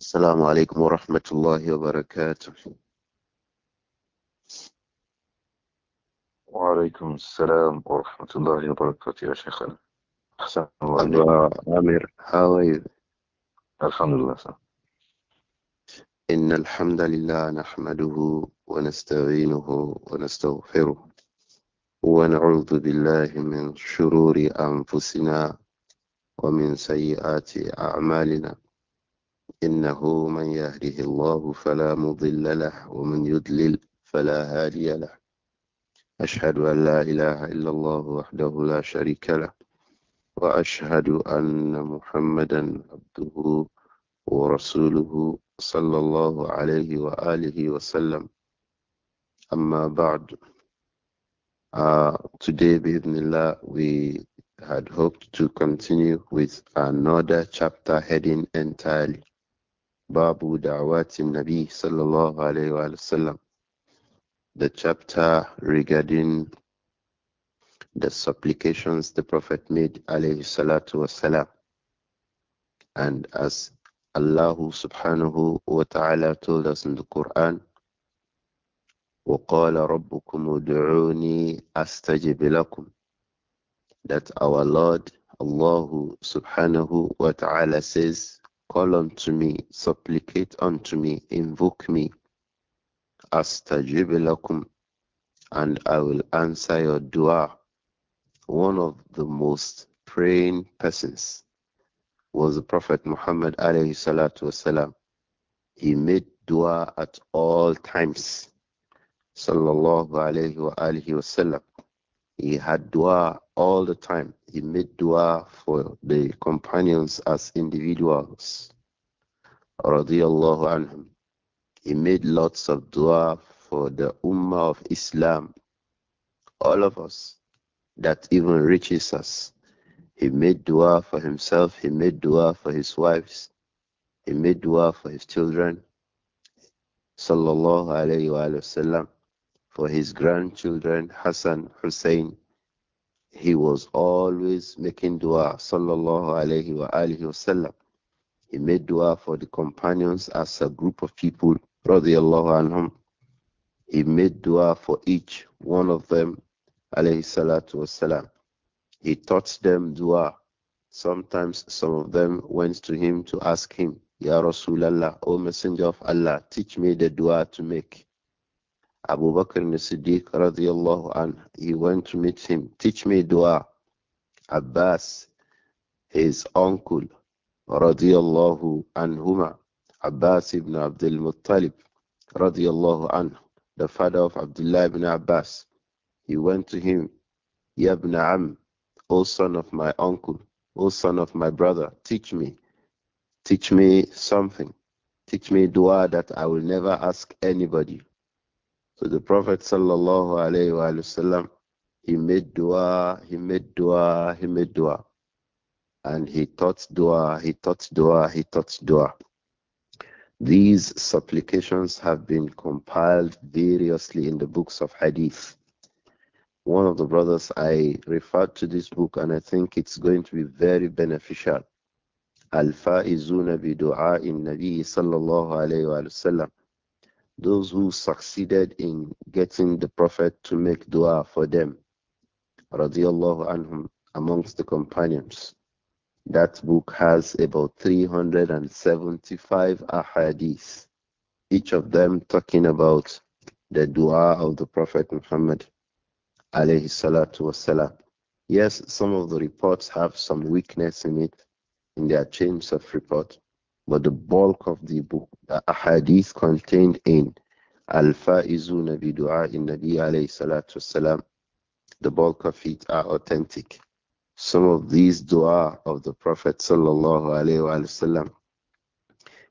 السلام عليكم ورحمة الله وبركاته وعليكم السلام ورحمة الله وبركاته يا شيخنا أحسن الله عامر how الحمد لله سلام. إن الحمد لله نحمده ونستعينه ونستغفره ونعوذ بالله من شرور أنفسنا ومن سيئات أعمالنا إنه من يهده الله فلا مضل له ومن يدلل فلا هادي له أشهد أن لا إله إلا الله وحده لا شريك له وأشهد أن محمدا عبده ورسوله صلى الله عليه وآله وسلم أما بعد uh, Today بإذن الله we had hoped to continue with another chapter heading entirely Babu Dawati Nabi sallallahu Alaihi Wasallam, The chapter regarding the supplications the Prophet made alayhi salatu Wasallam, And as Allah subhanahu wa ta'ala told us in the Quran, وَقَالَ رَبُّكُمْ ادْعُونِي أَسْتَجِبْ لَكُمْ That our Lord, Allah subhanahu wa ta'ala says, Call unto me, supplicate unto me, invoke me. Astajib and I will answer your dua. One of the most praying persons was the Prophet Muhammad alayhi salatu wasalam. He made dua at all times. Sallallahu alayhi wa alihi wasallam. He had dua all the time. He made dua for the companions as individuals. anhum. He made lots of dua for the Ummah of Islam, all of us, that even reaches us. He made dua for himself, he made dua for his wives, he made dua for his children, sallallahu alayhi wa sallam, for his grandchildren, Hassan, Hussein, he was always making dua, sallallahu alayhi wa alihi wasallam. He made dua for the companions as a group of people, radiallahu anhum. He made dua for each one of them, alayhi salatu wasalam. He taught them dua. Sometimes some of them went to him to ask him, Ya Rasulallah, O Messenger of Allah, teach me the dua to make. Abu Bakr and Siddiq radiallahu anh, he went to meet him. Teach me dua. Abbas, his uncle, radiallahu anhuma. Abbas ibn Abdul Muttalib, radiallahu anhu, the father of Abdullah ibn Abbas. He went to him, Ya ibn Am, O son of my uncle, O son of my brother, teach me. Teach me something. Teach me dua that I will never ask anybody. So the Prophet sallallahu alayhi wa sallam, he made dua, he made dua, he made dua, and he taught dua, he taught dua, he taught dua. These supplications have been compiled variously in the books of hadith. One of the brothers, I referred to this book and I think it's going to be very beneficial. Al-Fa'izuna bi du'a in Nabi sallallahu alayhi wa sallam those who succeeded in getting the Prophet to make dua for them, radiallahu anhum, amongst the companions. That book has about 375 ahadith, each of them talking about the dua of the Prophet Muhammad, alayhi salatu Yes, some of the reports have some weakness in it, in their chains of report. But the bulk of the book, the ahadith contained in Al-Faizuna bi du'a in Nabi alayhi salatu wasalam, the bulk of it are authentic. Some of these dua of the Prophet sallallahu alayhi wa sallam,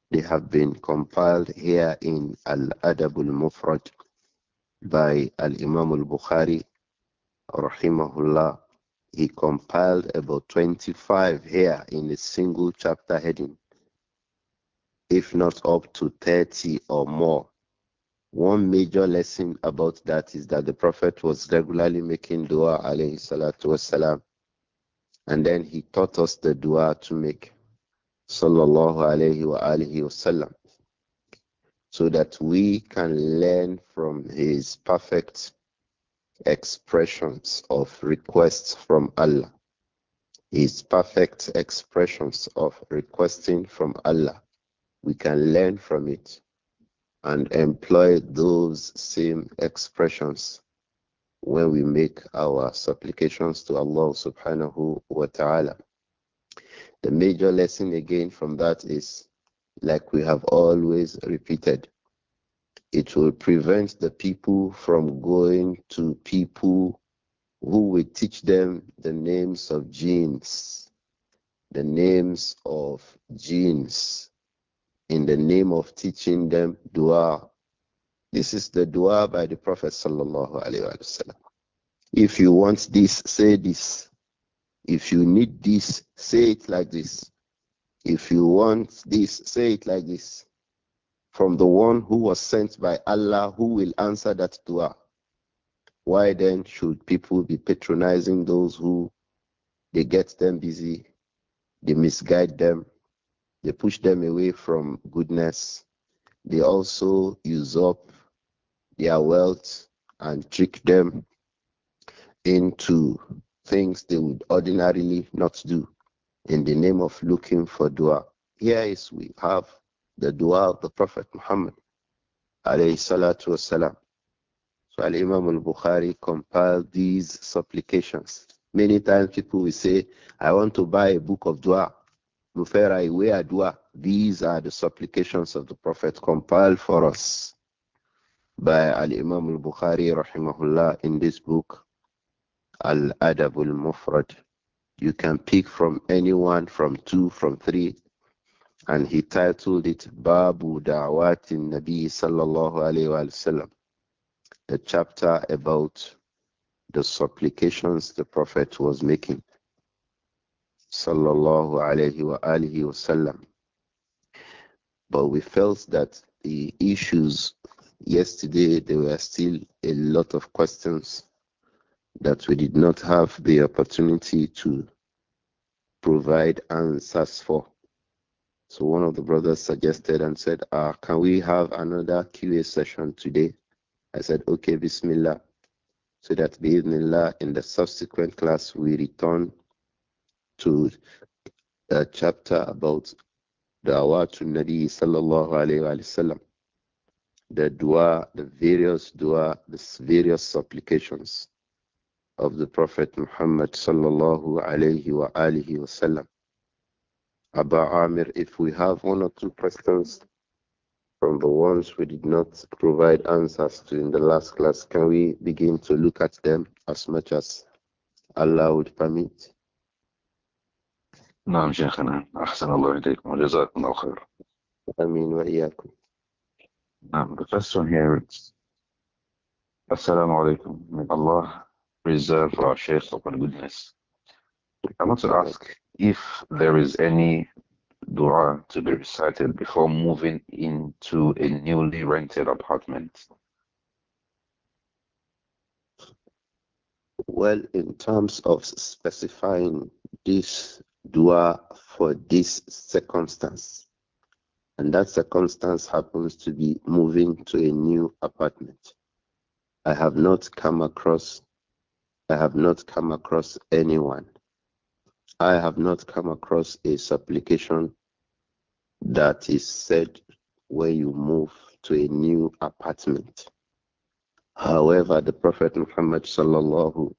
they have been compiled here in Al-Adab al-Mufrad by Al-Imam al-Bukhari rahimahullah. He compiled about 25 here in a single chapter heading if not up to 30 or more. One major lesson about that is that the Prophet was regularly making dua, alayhi salatu wasalam, and then he taught us the dua to make, sallallahu alayhi wa so that we can learn from his perfect expressions of requests from Allah. His perfect expressions of requesting from Allah we can learn from it and employ those same expressions when we make our supplications to Allah subhanahu wa ta'ala. The major lesson again from that is, like we have always repeated, it will prevent the people from going to people who will teach them the names of genes, the names of genes in the name of teaching them dua. This is the dua by the Prophet sallallahu alaihi wasallam. If you want this, say this. If you need this, say it like this. If you want this, say it like this. From the one who was sent by Allah who will answer that dua. Why then should people be patronizing those who they get them busy, they misguide them, they push them away from goodness. They also use up their wealth and trick them into things they would ordinarily not do in the name of looking for dua. Here is we have the dua of the Prophet Muhammad alayhi salatu wasalam. So Al Imam al Bukhari compiled these supplications. Many times people will say, I want to buy a book of dua. Muferai, we adua. These are the supplications of the Prophet compiled for us by Al Imam al Bukhari rahimahullah in this book, Al Adabul Mufrad. You can pick from anyone, from two, from three, and he titled it Babu Dawatin Nabi sallallahu alayhi wa sallam, the chapter about the supplications the Prophet was making sallallahu alayhi wa alihi wasallam. But we felt that the issues yesterday there were still a lot of questions that we did not have the opportunity to provide answers for. So one of the brothers suggested and said, uh, can we have another QA session today? I said, okay, Bismillah. So that Bismillah in the subsequent class we return to a uh, chapter about Dawatu Nabi sallallahu alayhi wa sallam. The dua, the various dua, the various supplications of the Prophet Muhammad sallallahu alayhi wa alihi wa sallam. Abba Amir, if we have one or two questions from the ones we did not provide answers to in the last class, can we begin to look at them as much as Allah would permit? نعم شيخنا أحسن الله إليكم وجزاكم الله خير آمين وإياكم نعم the first one here is Assalamu alaikum may Allah preserve our Shaykh upon goodness I want to ask if there is any dua to be recited before moving into a newly rented apartment. Well, in terms of specifying this dua for this circumstance. And that circumstance happens to be moving to a new apartment. I have not come across I have not come across anyone. I have not come across a supplication that is said when you move to a new apartment. However, the Prophet Muhammad sallallahu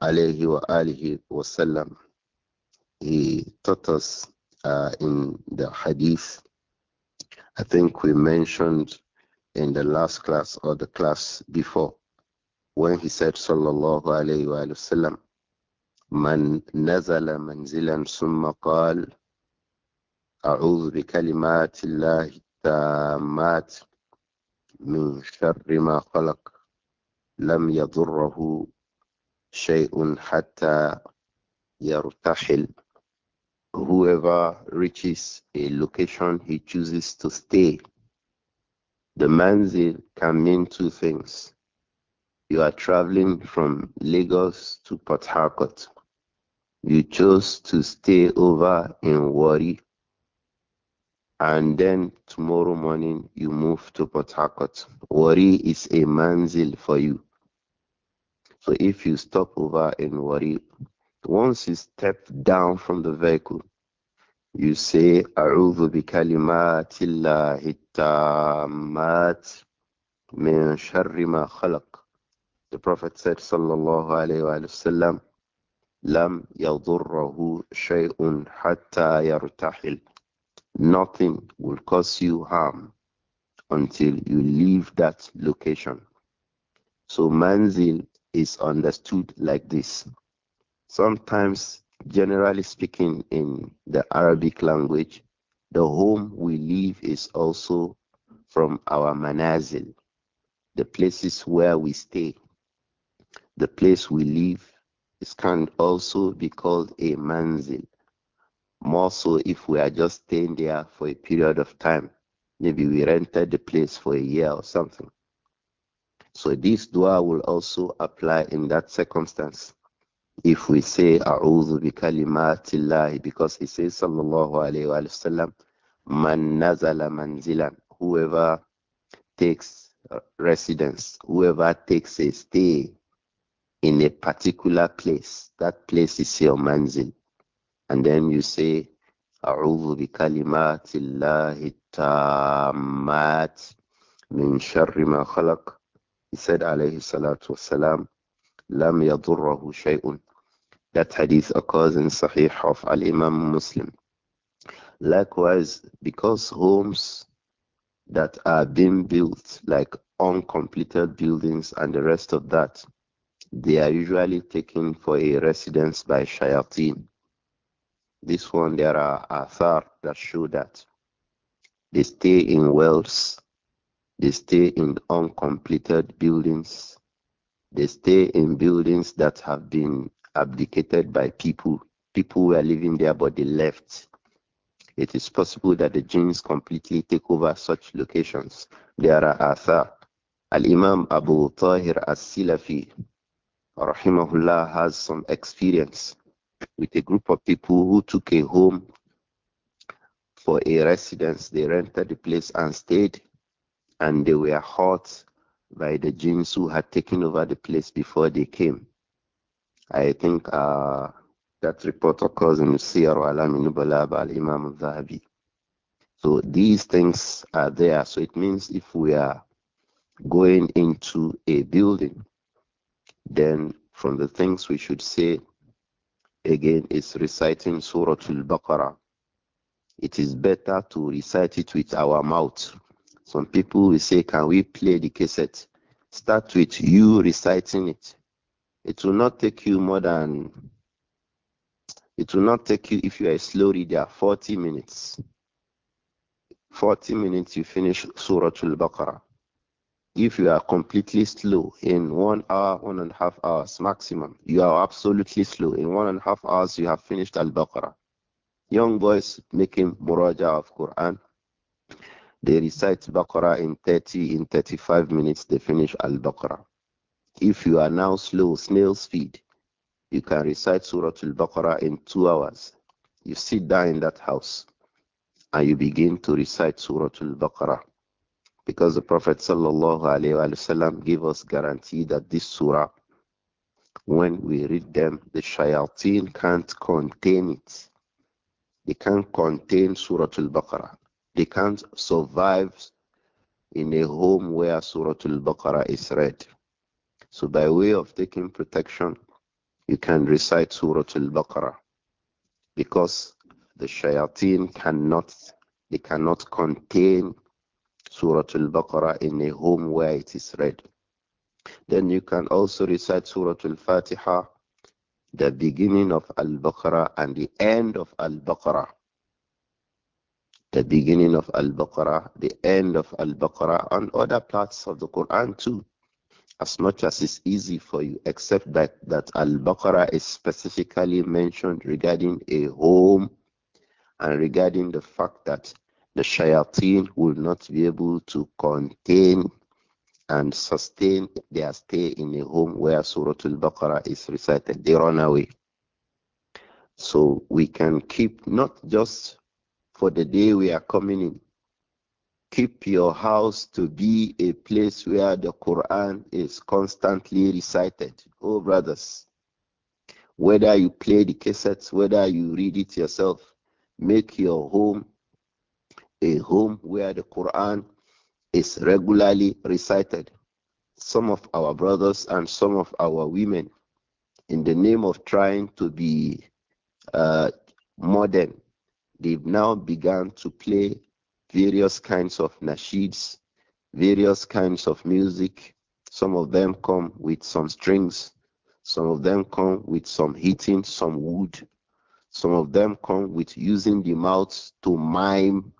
alayhi wa alihi wasallam he taught us uh, in the hadith. I think we mentioned in the last class or the class before when he said, Sallallahu Alaihi Wasallam, Man nazala manzilan summa qal, A'udhu bi kalimatillahi tammat min sharri ma khalaq lam yadurruhu shay'un hatta yartahil whoever reaches a location he chooses to stay. The manzil can mean two things. You are traveling from Lagos to Port Harcourt. You chose to stay over in Wari, and then tomorrow morning you move to Port Harcourt. Wari is a manzil for you. So if you stop over in Wari, once you step down from the vehicle, you say, أعوذ بكلمات الله التامات min شر ma khalaq." The Prophet said, "Sallallahu alayhi عليه Lam وسلم, لم shay'un شيء حتى Nothing will cause you harm until you leave that location. So manzil is understood like this. Sometimes, generally speaking, in the Arabic language, the home we live is also from our manazil, the places where we stay. The place we live is can also be called a manzil, more so if we are just staying there for a period of time. Maybe we rented the place for a year or something. So this dua will also apply in that circumstance if we say A'udhu bi kalimatillahi because he says sallallahu alayhi wa sallam man nazala manzilan whoever takes residence whoever takes a stay in a particular place that place is your manzil and then you say A'udhu bi kalimatillahi tammat min sharri ma khalaq he said alayhi salatu wasalam lam yadurruhu shay'un that hadith occurs in Sahih of Al Imam Muslim. Likewise, because homes that are being built, like uncompleted buildings and the rest of that, they are usually taken for a residence by shayateen. This one, there are athar that show that they stay in wells, they stay in uncompleted buildings, they stay in buildings that have been abdicated by people. People were living there, but they left. It is possible that the jinns completely take over such locations. There are Athar. Al Imam Abu Tahir As Silafi, Rahimahullah, has some experience with a group of people who took a home for a residence. They rented the place and stayed, and they were hurt by the jinns who had taken over the place before they came. I think uh, that report occurs in Siyar Alam Nubala al Imam al Zahabi. So these things are there. So it means if we are going into a building, then from the things we should say again is reciting Surah Al Baqarah. It is better to recite it with our mouth. Some people will say, Can we play the cassette? Start with you reciting it. It will not take you more than, it will not take you, if you are a slow reader, 40 minutes. 40 minutes you finish Surah Al-Baqarah. If you are completely slow in one hour, one and a half hours maximum, you are absolutely slow. In one and a half hours, you have finished Al-Baqarah. Young boys making muraja of Quran, they recite Baqarah in 30, in 35 minutes, they finish Al-Baqarah. If you are now slow, snail's speed, you can recite Surah Al-Baqarah in two hours. You sit down in that house and you begin to recite Surah Al-Baqarah. Because the Prophet wasallam gave us guarantee that this surah, when we read them, the shayateen can't contain it. They can't contain Surah Al-Baqarah. They can't survive in a home where Surah Al-Baqarah is read. So by way of taking protection, you can recite Surah Al-Baqarah because the shayateen cannot they cannot contain Surah Al-Baqarah in a home where it is read. Then you can also recite Surah Al-Fatiha, the beginning of Al-Baqarah and the end of Al-Baqarah. The beginning of Al-Baqarah, the end of Al-Baqarah and other parts of the Quran too as much as is easy for you, except that, that Al Baqarah is specifically mentioned regarding a home and regarding the fact that the shayateen will not be able to contain and sustain their stay in a home where Surah Al Baqarah is recited. They run away. So we can keep not just for the day we are coming in, Keep your house to be a place where the Quran is constantly recited. Oh, brothers, whether you play the cassettes, whether you read it yourself, make your home a home where the Quran is regularly recited. Some of our brothers and some of our women, in the name of trying to be uh, modern, they've now begun to play various kinds of nasheeds, various kinds of music. Some of them come with some strings, some of them come with some hitting some wood, some of them come with using the mouth to mime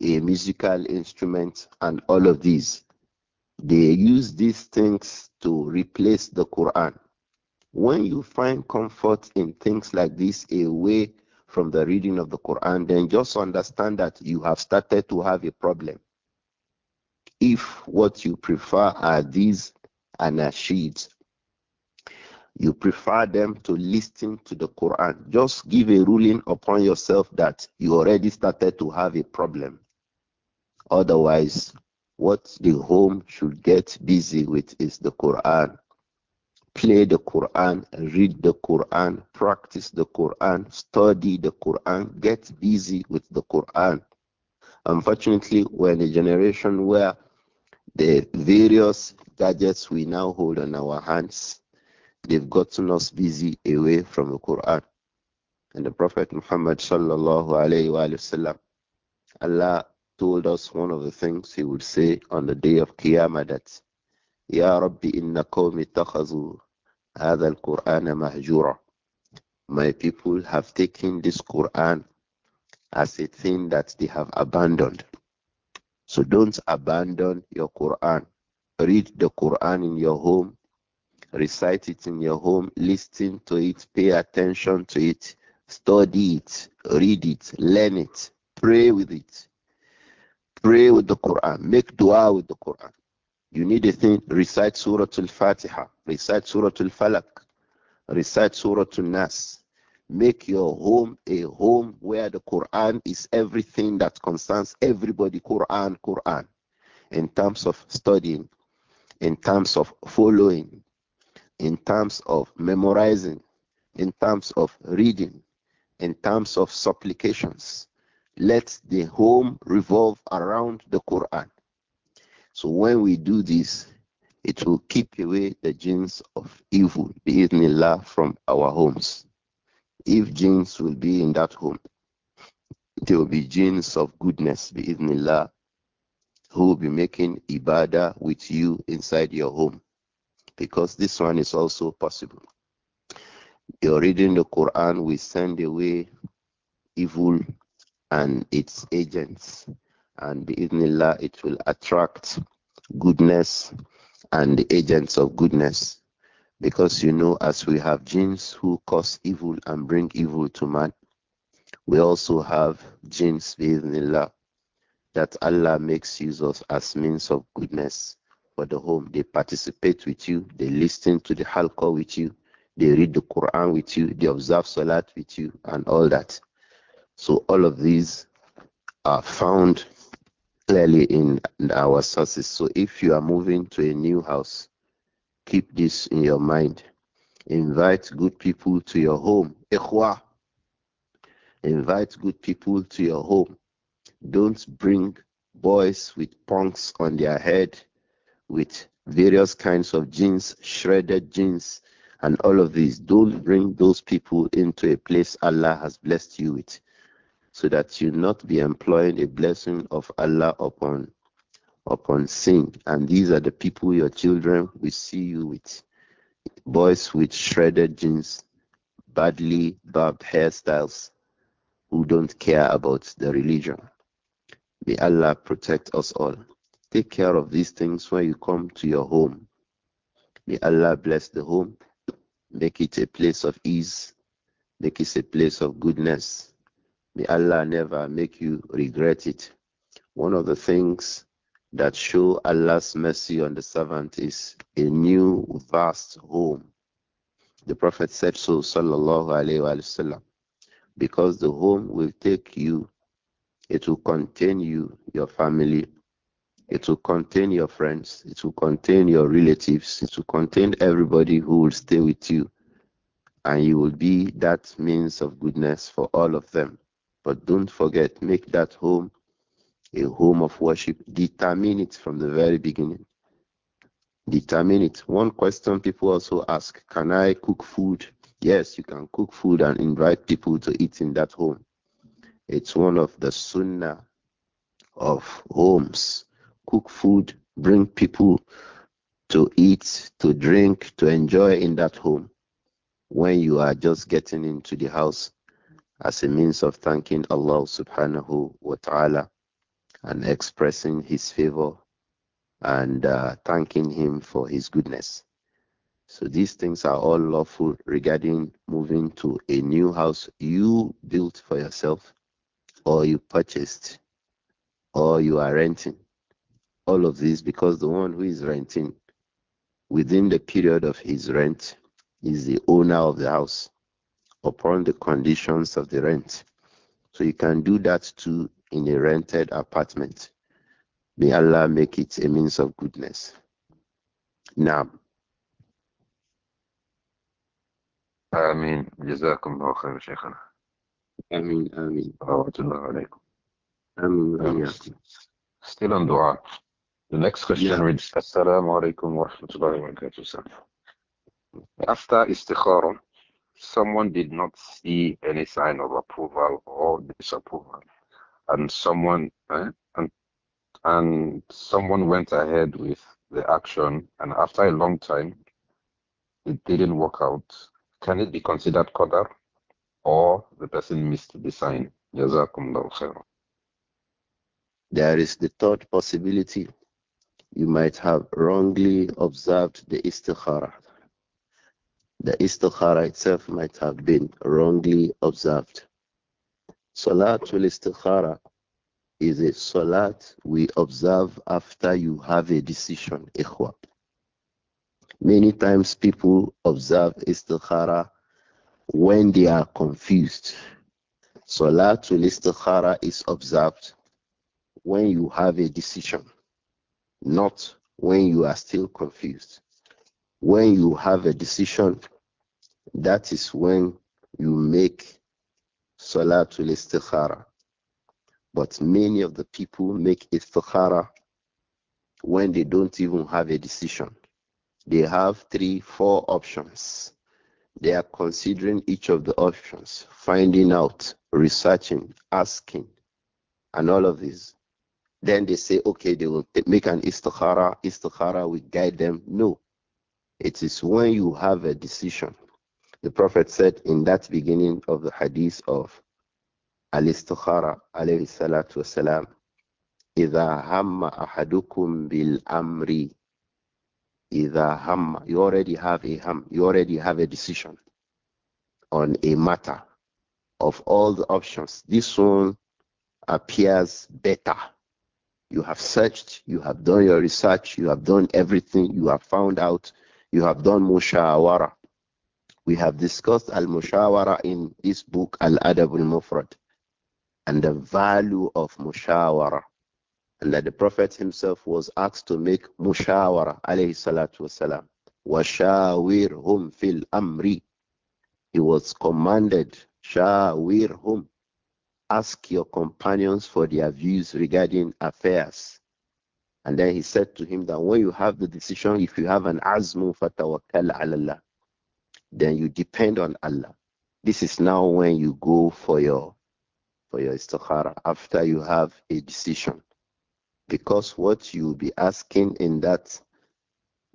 a musical instrument, and all of these. They use these things to replace the Quran. When you find comfort in things like this, a way from the reading of the Quran, then just understand that you have started to have a problem. If what you prefer are these anashids, you prefer them to listen to the Quran, just give a ruling upon yourself that you already started to have a problem. Otherwise, what the home should get busy with is the Quran play the Quran, read the Quran, practice the Quran, study the Quran, get busy with the Quran. Unfortunately, we're in a generation where the various gadgets we now hold on our hands, they've gotten us busy away from the Quran. And the Prophet Muhammad sallallahu alayhi wa sallam, Allah told us one of the things he would say on the day of Qiyamah that Ya Rabbi inna qawmi takhazu هذا القرآن مهجورا My people have taken this Quran as a thing that they have abandoned. So don't abandon your Quran. Read the Quran in your home, recite it in your home, listen to it, pay attention to it, study it, read it, learn it, pray with it. Pray with the Quran, make dua with the Quran. You need to think, recite Surah Al-Fatiha, recite Surah Al-Falaq, recite Surah Al-Nas. Make your home a home where the Quran is everything that concerns everybody, Quran, Quran, in terms of studying, in terms of following, in terms of memorizing, in terms of reading, in terms of supplications. Let the home revolve around the Quran. So when we do this, it will keep away the genes of evil, bi'idhnillah, from our homes. If genes will be in that home, there will be genes of goodness, bi'idhnillah, who will be making ibadah with you inside your home. Because this one is also possible. You're reading the Quran, we send away evil and its agents and bi'idhnillah it will attract goodness and the agents of goodness because you know as we have jinns who cause evil and bring evil to man we also have jinns bi'idhnillah that Allah makes use of as means of goodness for the home they participate with you they listen to the halqa with you they read the Quran with you they observe salat with you and all that so all of these are found clearly in our sources. So if you are moving to a new house, keep this in your mind. Invite good people to your home. Ikhwa. Invite good people to your home. Don't bring boys with punks on their head, with various kinds of jeans, shredded jeans, and all of these. Don't bring those people into a place Allah has blessed you with so that you not be employing a blessing of Allah upon upon sin. And these are the people your children We see you with boys with shredded jeans, badly barbed hairstyles, who don't care about the religion. May Allah protect us all. Take care of these things when you come to your home. May Allah bless the home, make it a place of ease, make it a place of goodness May Allah never make you regret it. One of the things that show Allah's mercy on the servant is a new vast home. The Prophet said so, sallallahu alayhi wasallam, because the home will take you, it will contain you, your family, it will contain your friends, it will contain your relatives, it will contain everybody who will stay with you, and you will be that means of goodness for all of them. But don't forget, make that home a home of worship. Determine it from the very beginning. Determine it. One question people also ask Can I cook food? Yes, you can cook food and invite people to eat in that home. It's one of the sunnah of homes. Cook food, bring people to eat, to drink, to enjoy in that home. When you are just getting into the house, as a means of thanking Allah subhanahu wa ta'ala and expressing his favor and uh, thanking him for his goodness. So these things are all lawful regarding moving to a new house you built for yourself or you purchased or you are renting. All of these because the one who is renting within the period of his rent is the owner of the house upon the conditions of the rent. So you can do that too in a rented apartment. May Allah make it a means of goodness. Now. آمين جزاكم الله خير شيخنا آمين آمين رحمة الله عليكم آمين وإياكم Still on dua. The next question yeah. reads Assalamu alaikum wa rahmatullahi wa barakatuh. After istikhara, someone did not see any sign of approval or disapproval, and someone eh, and and someone went ahead with the action, and after a long time, it didn't work out. Can it be considered qadar, or the person missed the sign? There is the third possibility. You might have wrongly observed the istikhara, the istikhara itself might have been wrongly observed. Salatul istikhara is a salat we observe after you have a decision, ikhwa. Many times people observe istikhara when they are confused. Salatul istikhara is observed when you have a decision, not when you are still confused. When you have a decision, that is when you make Salatul Istikhara. But many of the people make Istikhara when they don't even have a decision. They have three, four options. They are considering each of the options, finding out, researching, asking, and all of this. Then they say, okay, they will make an istikhara. Istikhara will guide them. No, it is when you have a decision. The Prophet said in that beginning of the hadith of Al-Istikhara alayhi salatu wasalam, إِذَا هَمَّ أَحَدُكُمْ بِالْأَمْرِ إِذَا هَمَّ You already have a ham, you already have a decision on a matter of all the options. This one appears better. You have searched, you have done your research, you have done everything, you have found out you have done mushawara. We have discussed al mushawara in this book, Al Adab al Mufrad, and the value of mushawara. And that the Prophet himself was asked to make mushawara, alayhi salatu wasalam. hum fil amri. He was commanded, hum. Ask your companions for their views regarding affairs and then he said to him that when you have the decision, if you have an azmu fatawakkal Allah, then you depend on Allah. This is now when you go for your for your istikhara after you have a decision. Because what you'll be asking in that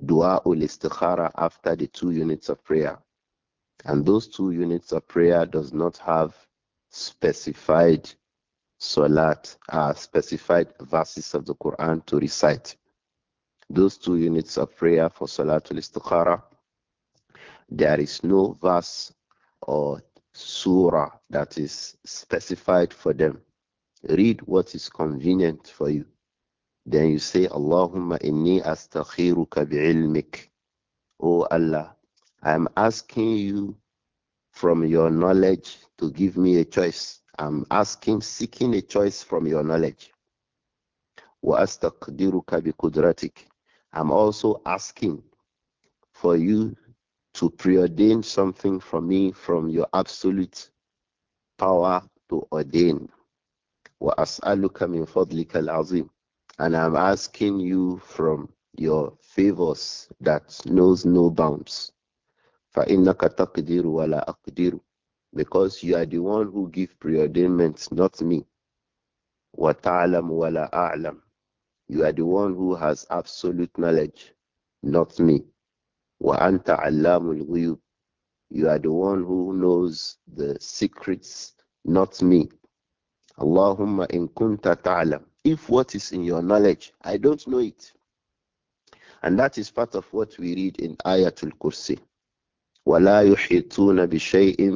dua ul istikhara after the two units of prayer, and those two units of prayer does not have specified Salat are specified verses of the Quran to recite. Those two units of prayer for Salatul Istikhara, there is no verse or surah that is specified for them. Read what is convenient for you. Then you say, Allahumma inni astakhiruka bi'ilmik. O oh Allah, I am asking you from your knowledge to give me a choice. I'm asking, seeking a choice from your knowledge. I'm also asking for you to preordain something from me from your absolute power to ordain. and I'm asking you from your favors that knows no bounds فإنك تقدر ولا أقدر because you are the one who give preordainment, not me. وَتَعْلَمُ وَلَا alam. You are the one who has absolute knowledge, not me. وَأَنْتَ عَلَّامُ الْغُيُوبِ You are the one who knows the secrets, not me. Allahumma in kunta ta'lam. If what is in your knowledge, I don't know it. And that is part of what we read in Ayatul Kursi. ولا يحيطون بشيء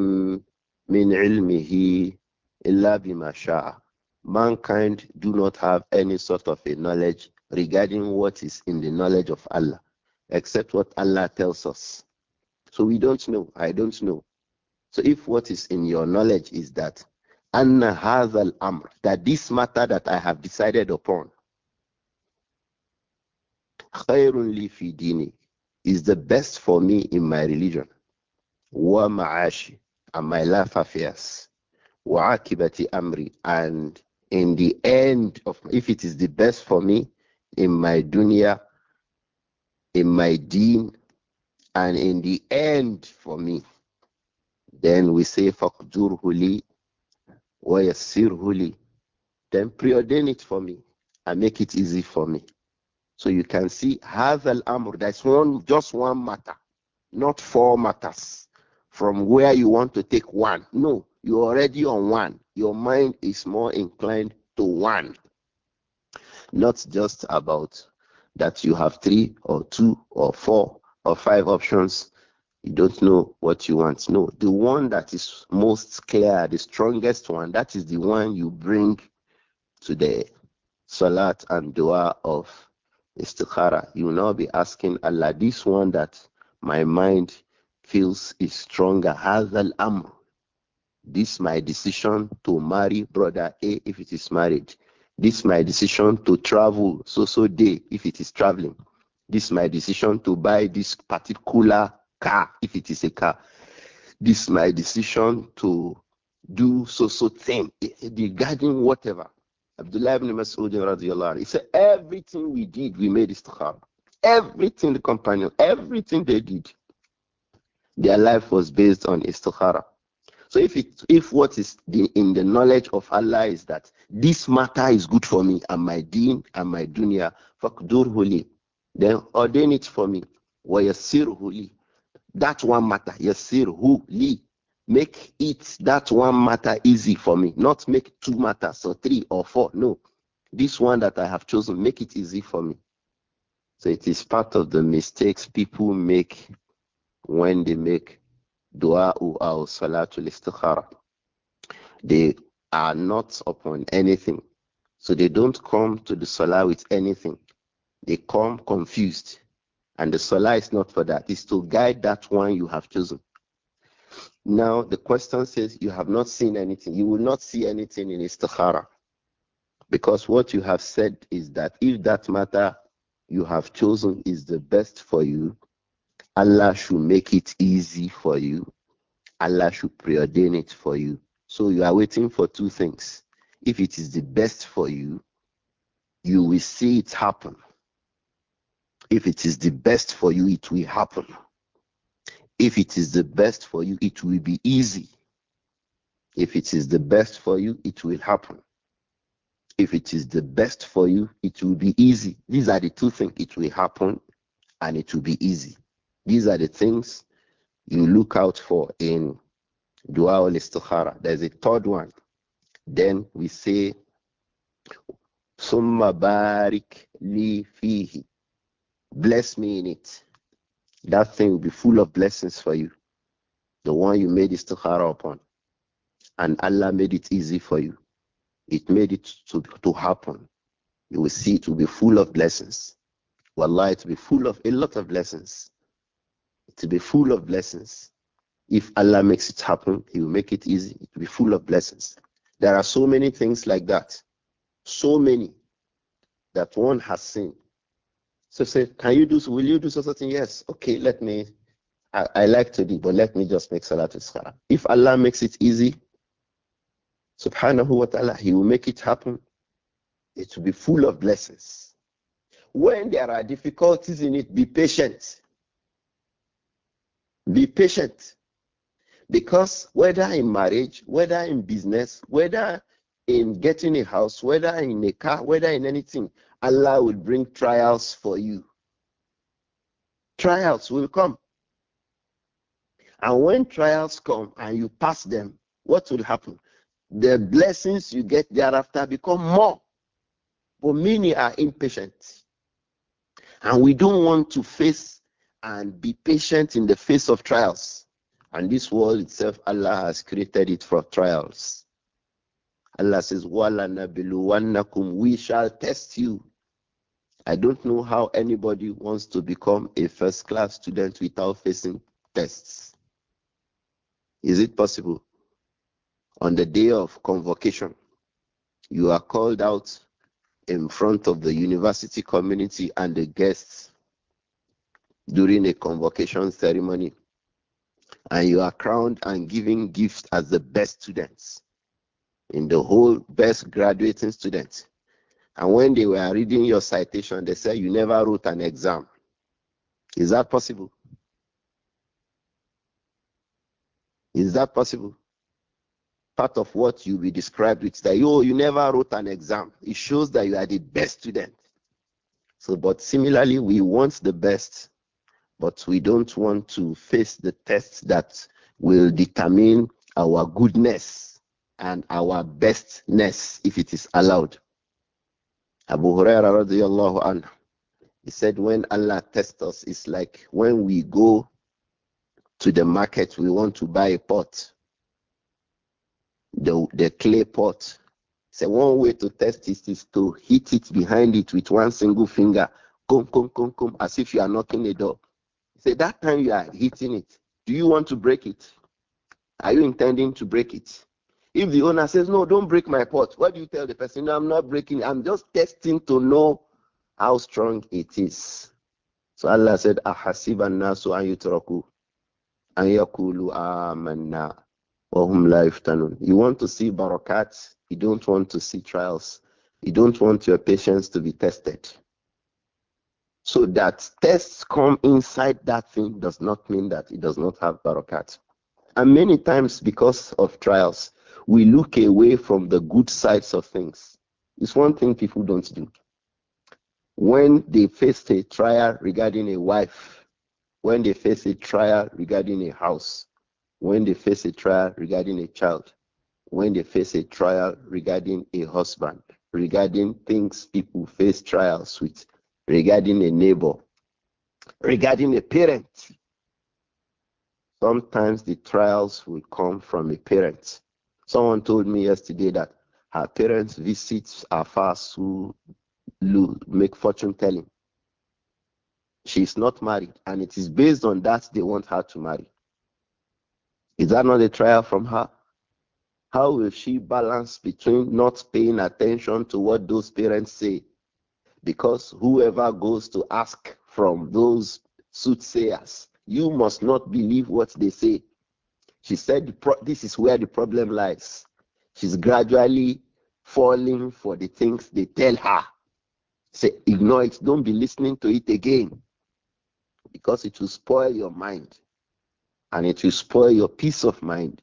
من علمه إلا بما شاء mankind do not have any sort of a knowledge regarding what is in the knowledge of Allah except what Allah tells us so we don't know I don't know so if what is in your knowledge is that anna hazal al-amr that this matter that I have decided upon khairun li fi dini is the best for me in my religion wa ma'ashi and my life affairs wa akibati amri and in the end of if it is the best for me in my dunya in my deen and in the end for me then we say faqdurhu huli, wa yassirhu huli, then preordain it for me and make it easy for me so you can see hadha al-amr that's one just one matter not four matters from where you want to take one. No, you're already on one. Your mind is more inclined to one. Not just about that you have three or two or four or five options. You don't know what you want. No, the one that is most clear, the strongest one, that is the one you bring to the salat and dua of istikhara. You will now be asking Allah, this one that my mind feels is stronger. Hazal amr. This my decision to marry brother A if it is married. This my decision to travel so so day if it is traveling. This my decision to buy this particular car if it is a car. This my decision to do so so thing regarding eh, eh, whatever. Abdullah ibn Mas'ud radiallahu he said everything we did we made istikhara. Everything the companion, everything they did their life was based on istikhara. So if it, if what is the, in the knowledge of Allah is that this matter is good for me and my deen and my dunya, fakdurhuli, then ordain it for me. Wayasirhuli. That one matter, yasirhuli. Make it that one matter easy for me. Not make two matters or three or four. No. This one that I have chosen, make it easy for me. So it is part of the mistakes people make when they make dua or salatul istikhara. They are not upon anything. So they don't come to the salah with anything. They come confused. And the salah is not for that. It's to guide that one you have chosen. Now the question says you have not seen anything. You will not see anything in istikhara. Because what you have said is that if that matter you have chosen is the best for you, Allah should make it easy for you. Allah should preordain it for you. So you are waiting for two things. If it is the best for you, you will see it happen. If it is the best for you, it will happen. If it is the best for you, it will be easy. If it is the best for you, it will happen. If it is the best for you, it will be easy. These are the two things. It will happen and it will be easy. These are the things you look out for in Dua al Istikhara. There's a third one. Then we say, Summa barik li fihi. Bless me in it. That thing will be full of blessings for you. The one you made istikhara upon. And Allah made it easy for you. It made it to, to happen. You will see it will be full of blessings. Wallah, it will be full of a lot of blessings to be full of blessings. If Allah makes it happen, He will make it easy. To be full of blessings. There are so many things like that, so many that one has seen. So say, can you do? Will you do something? Yes. Okay, let me. I, I like to do, but let me just make to iskara. If Allah makes it easy, Subhanahu wa Taala, He will make it happen. It will be full of blessings. When there are difficulties in it, be patient. Be patient. Because whether in marriage, whether in business, whether in getting a house, whether in a car, whether in anything, Allah will bring trials for you. Trials will come. And when trials come and you pass them, what will happen? The blessings you get thereafter become more. But many are impatient. And we don't want to face and be patient in the face of trials. And this world itself, Allah has created it for trials. Allah says, We shall test you. I don't know how anybody wants to become a first class student without facing tests. Is it possible? On the day of convocation, you are called out in front of the university community and the guests during a convocation ceremony and you are crowned and given gifts as the best students in the whole best graduating students. And when they were reading your citation, they said you never wrote an exam. Is that possible? Is that possible? Part of what you be described with that you, oh, you never wrote an exam. It shows that you are the best student. So, but similarly, we want the best but we don't want to face the tests that will determine our goodness and our bestness if it is allowed. Abu Huraira radiallahu anhu, he said, when Allah tests us, it's like when we go to the market, we want to buy a pot, the, the clay pot. So one way to test it is to hit it behind it with one single finger, come, come, come, come, as if you are knocking a door. Say that time you are hitting it. Do you want to break it? Are you intending to break it? If the owner says, No, don't break my pot, what do you tell the person? No, I'm not breaking I'm just testing to know how strong it is. So Allah said, Ahasiban nasu an yutraku an yakulu amanna wa hum la yuftanun. You want to see barakat, you don't want to see trials. You don't want your patience to be tested. So that tests come inside that thing does not mean that it does not have barakat. And many times, because of trials, we look away from the good sides of things. It's one thing people don't do. When they face a trial regarding a wife, when they face a trial regarding a house, when they face a trial regarding a child, when they face a trial regarding a husband, regarding things people face trials with, regarding a neighbor, regarding a parent. Sometimes the trials will come from a parent. Someone told me yesterday that her parents' visits are far to make fortune telling. She is not married, and it is based on that they want her to marry. Is that not a trial from her? How will she balance between not paying attention to what those parents say because whoever goes to ask from those soothsayers, you must not believe what they say. She said, This is where the problem lies. She's gradually falling for the things they tell her. Say, ignore it. Don't be listening to it again because it will spoil your mind and it will spoil your peace of mind.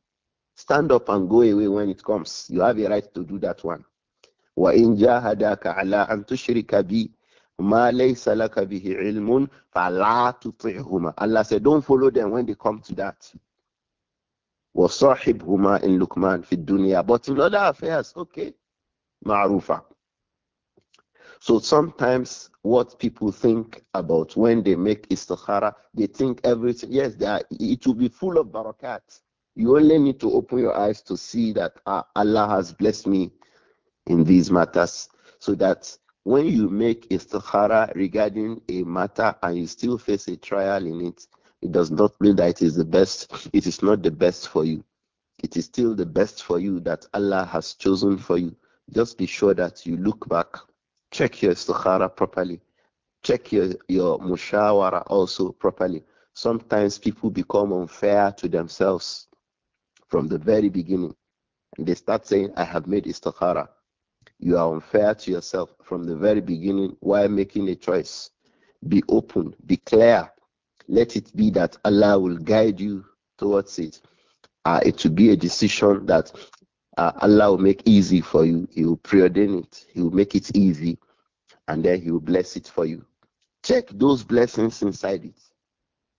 Stand up and go away when it comes. You have a right to do that one. وإن جاهداك على أن تشرك بي ما ليس لك به علم فلا تطعهما Allah said don't follow them when they come to that وصاحبهما in Luqman في الدنيا but in other affairs okay معروفة so sometimes what people think about when they make istikhara, they think everything, yes, are, it will be full of barakat. You only need to open your eyes to see that ah, Allah has blessed me in these matters so that when you make istikhara regarding a matter and you still face a trial in it, it does not mean that it is the best. It is not the best for you. It is still the best for you that Allah has chosen for you. Just be sure that you look back, check your istikhara properly, check your, your mushawara also properly. Sometimes people become unfair to themselves from the very beginning. And they start saying, I have made istikhara you are unfair to yourself from the very beginning while making a choice. Be open, be clear. Let it be that Allah will guide you towards it. Uh, it will be a decision that uh, Allah will make easy for you. He will preordain it, He will make it easy, and then He will bless it for you. Check those blessings inside it.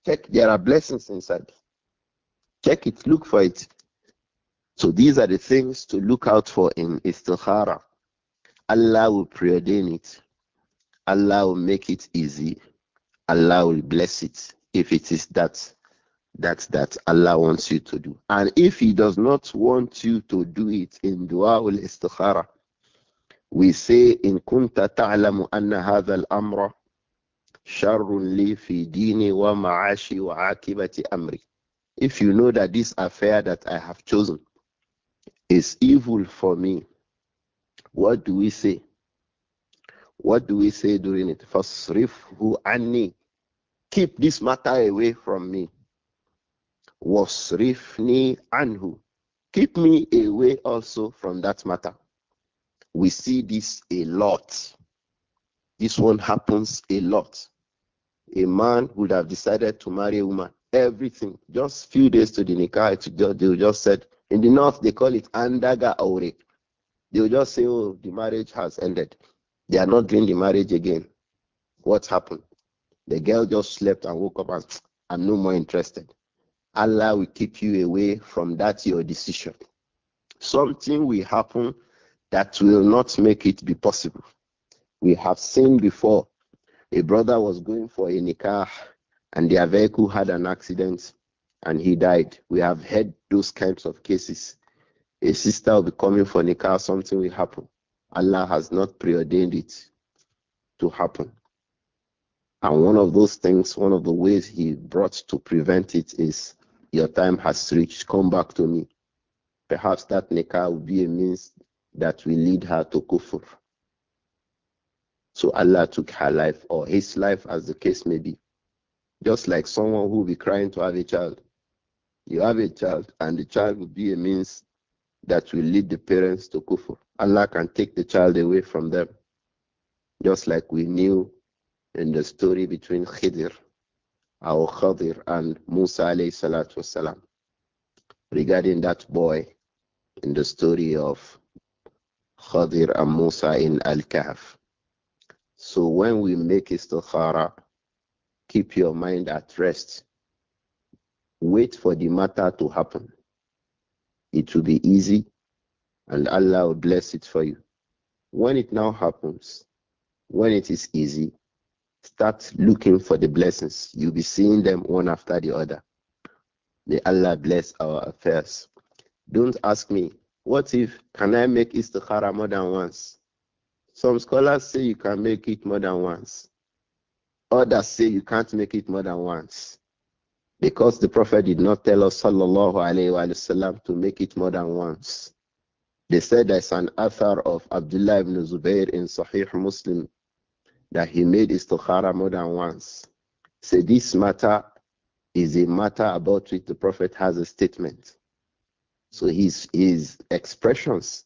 Check, there are blessings inside. Check it, look for it. So these are the things to look out for in istikhara. Allah will preordain it. Allah will make it easy. Allah will bless it if it is that that that Allah wants you to do. And if He does not want you to do it in dua ul istikhara, we say in kunta ta'lamu anna hadha al-amra sharrun li fi dini wa ma'ashi wa If you know that this affair that I have chosen is evil for me what do we say? What do we say during it? Fasrifhu anni. Keep this matter away from me. Wasrifni anhu. Keep me away also from that matter. We see this a lot. This one happens a lot. A man would have decided to marry a woman. Everything. Just few days to the nikah, they just said, in the north they call it andaga aure They'll just say, oh, the marriage has ended. They are not doing the marriage again. What happened? The girl just slept and woke up and I'm no more interested. Allah will keep you away from that your decision. Something will happen that will not make it be possible. We have seen before a brother was going for a nikah and their vehicle had an accident and he died. We have heard those kinds of cases a sister will be coming for nikah, something will happen. Allah has not preordained it to happen. And one of those things, one of the ways He brought to prevent it is your time has reached, come back to me. Perhaps that nikah will be a means that will lead her to kufr. So Allah took her life or his life, as the case may be. Just like someone who will be crying to have a child. You have a child, and the child will be a means that will lead the parents to kufr. Allah can take the child away from them, just like we knew in the story between Khidr, our Khadir, and Musa alayhi salatu wasalam, regarding that boy in the story of Khadir and Musa in Al-Kahf. So when we make istikhara, keep your mind at rest. Wait for the matter to happen. It will be easy and Allah will bless it for you. When it now happens, when it is easy, start looking for the blessings. You'll be seeing them one after the other. May Allah bless our affairs. Don't ask me, what if, can I make istikhara more than once? Some scholars say you can make it more than once. Others say you can't make it more than once. Because the Prophet did not tell us sallallahu wasallam, to make it more than once. They said there's an author of Abdullah ibn Zubair in Sahih Muslim that he made istikhara more than once. Say so this matter is a matter about which the Prophet has a statement. So his his expressions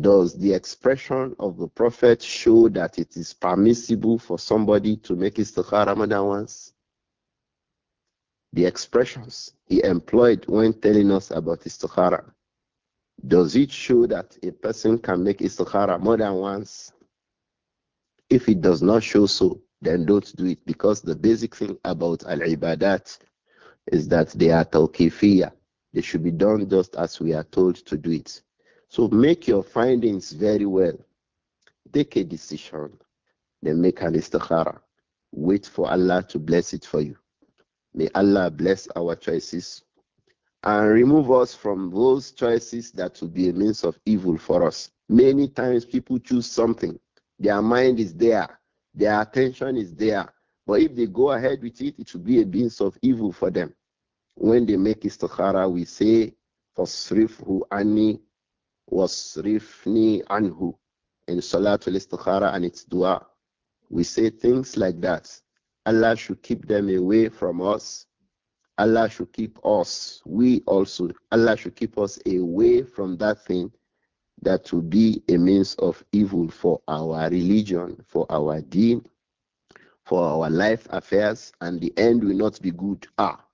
does the expression of the prophet show that it is permissible for somebody to make istikhara more than once? the expressions he employed when telling us about istikhara. Does it show that a person can make istikhara more than once? If it does not show so, then don't do it because the basic thing about al ibadat is that they are tawqifiyah. They should be done just as we are told to do it. So make your findings very well. Take a decision, then make an istikhara. Wait for Allah to bless it for you May Allah bless our choices and remove us from those choices that will be a means of evil for us. Many times people choose something, their mind is there, their attention is there, but if they go ahead with it, it will be a means of evil for them. When they make istikhara, we say, Fasrifhu ani, wasrifni anhu. In Salatul Istikhara and its dua, we say things like that. Allah should keep them away from us. Allah should keep us, we also, Allah should keep us away from that thing that will be a means of evil for our religion, for our deen, for our life affairs, and the end will not be good. Ah,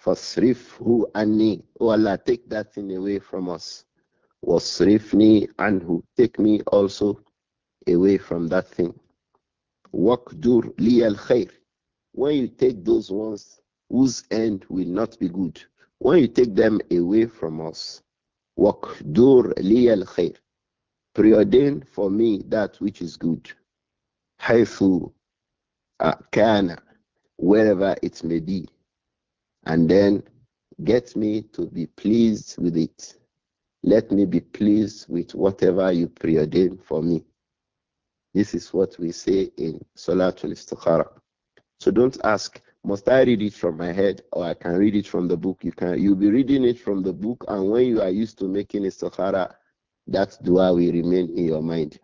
fasrifhu anni, O oh Allah, take that thing away from us. Wasrifni anhu, take me also away from that thing. Waqdur liyal khair. When you take those ones whose end will not be good, when you take them away from us, Waqdur liyal khair. Preordain for me that which is good. Haythu kana, wherever it may be. And then get me to be pleased with it. Let me be pleased with whatever you preordain for me. This is what we say in Salatul Istikhara. So don't ask, must I read it from my head or I can read it from the book? You can you'll be reading it from the book, and when you are used to making istikhara, that dua will remain in your mind.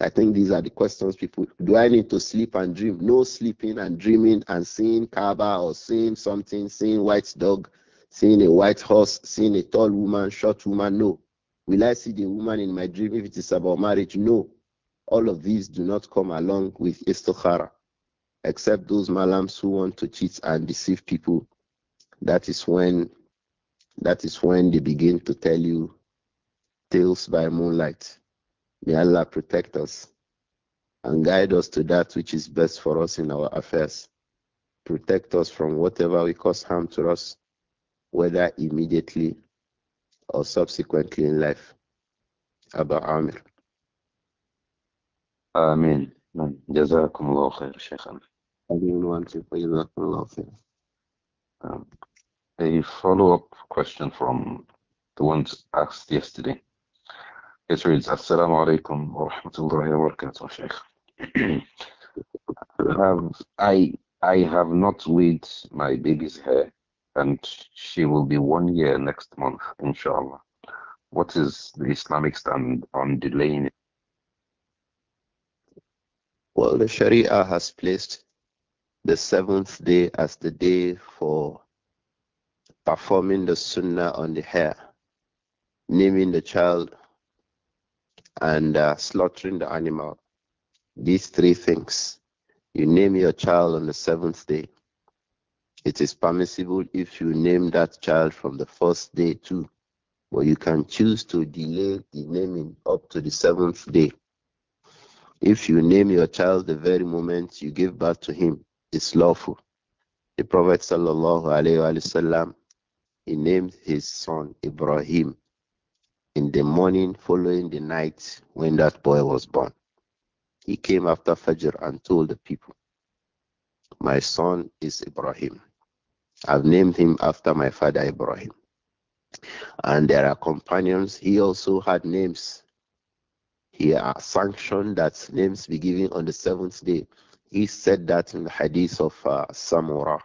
I think these are the questions people do I need to sleep and dream? No sleeping and dreaming and seeing Kaaba or seeing something, seeing white dog, seeing a white horse, seeing a tall woman, short woman. No. Will I see the woman in my dream if it is about marriage? No. All of these do not come along with istikhara, except those malams who want to cheat and deceive people. That is when that is when they begin to tell you tales by moonlight. May Allah protect us and guide us to that which is best for us in our affairs. Protect us from whatever will cause harm to us, whether immediately or subsequently in life. Abba Amir. Amin. جزاكم الله خير شيخنا. Um, a follow-up question from the ones asked yesterday. It reads, Assalamu alaikum wa rahmatullahi wa barakatuh, Sheikh. have, I, I have not weighed my baby's hair and she will be one year next month, inshallah. What is the Islamic stand on delaying it? Well, the Sharia has placed the seventh day as the day for performing the Sunnah on the hair, naming the child, and uh, slaughtering the animal. These three things. You name your child on the seventh day. It is permissible if you name that child from the first day too, but you can choose to delay the naming up to the seventh day if you name your child the very moment you give birth to him, it's lawful. The Prophet sallallahu alaihi wasallam he named his son Ibrahim in the morning following the night when that boy was born. He came after Fajr and told the people, My son is Ibrahim. I've named him after my father Ibrahim. And there are companions, he also had names. He sanction that names be given on the seventh day. He said that in the hadith of uh, Samura,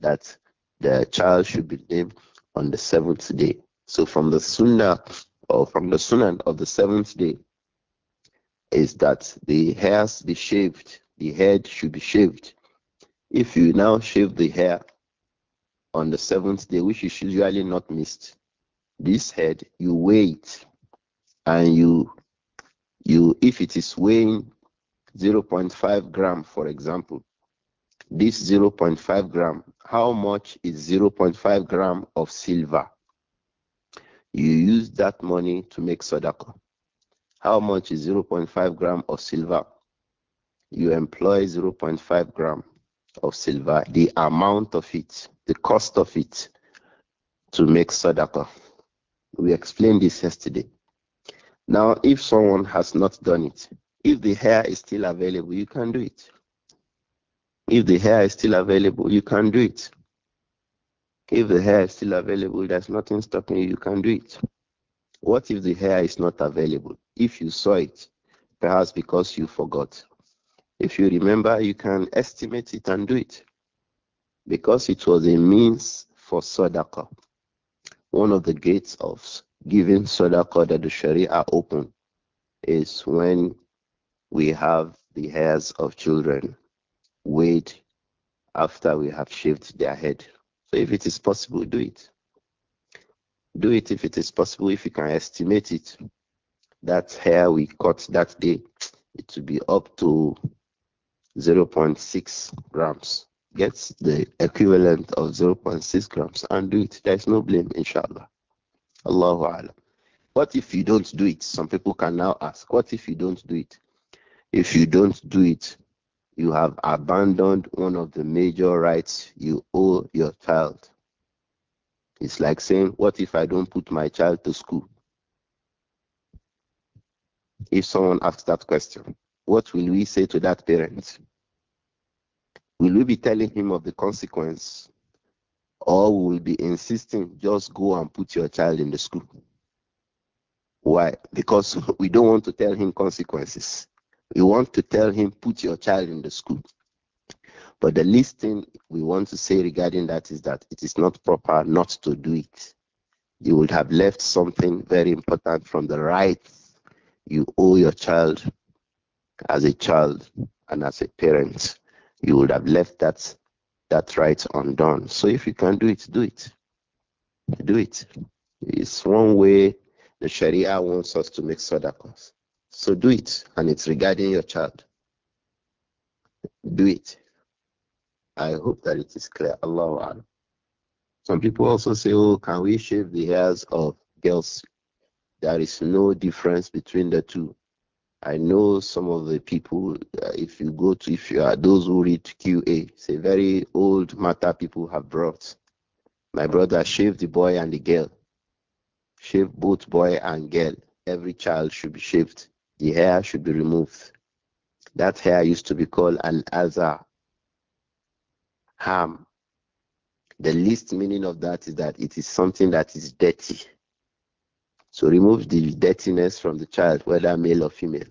that the child should be named on the seventh day. So from the sunnah or from the sunnah of the seventh day is that the hairs be shaved, the head should be shaved. If you now shave the hair on the seventh day, which is usually not missed, this head you wait and you you, if it is weighing 0.5 gram, for example, this 0.5 gram, how much is 0.5 gram of silver? You use that money to make sadaqah. How much is 0.5 gram of silver? You employ 0.5 gram of silver, the amount of it, the cost of it, to make sadaqah. We explained this yesterday. Now, if someone has not done it, if the hair is still available, you can do it. If the hair is still available, you can do it. If the hair is still available, there's nothing stopping you, you can do it. What if the hair is not available? If you saw it, perhaps because you forgot. If you remember, you can estimate it and do it because it was a means for sadaqah, one of the gates of giving sadaqah that the Sharia open is when we have the hairs of children wait after we have shaved their head. So if it is possible, do it. Do it if it is possible, if you can estimate it. That hair we cut that day, it will be up to 0.6 grams. Gets the equivalent of 0.6 grams and do it. There is no blame, inshallah. Allahu Alam. What if you don't do it? Some people can now ask, what if you don't do it? If you don't do it, you have abandoned one of the major rights you owe your child. It's like saying, What if I don't put my child to school? If someone asks that question, what will we say to that parent? Will we be telling him of the consequence or we will be insisting just go and put your child in the school. Why? Because we don't want to tell him consequences. We want to tell him put your child in the school. But the least thing we want to say regarding that is that it is not proper not to do it. You would have left something very important from the rights you owe your child as a child and as a parent. You would have left that that right undone. So if you can do it, do it. Do it. It's one way the Sharia wants us to make comes. So do it, and it's regarding your child. Do it. I hope that it is clear. Allahu Some people also say, oh, can we shave the hairs of girls? There is no difference between the two. I know some of the people. Uh, if you go to, if you are those who read QA, it's a very old matter people have brought. My brother shaved the boy and the girl. Shave both boy and girl. Every child should be shaved. The hair should be removed. That hair used to be called an azar, Ham. The least meaning of that is that it is something that is dirty so remove the dirtiness from the child, whether male or female.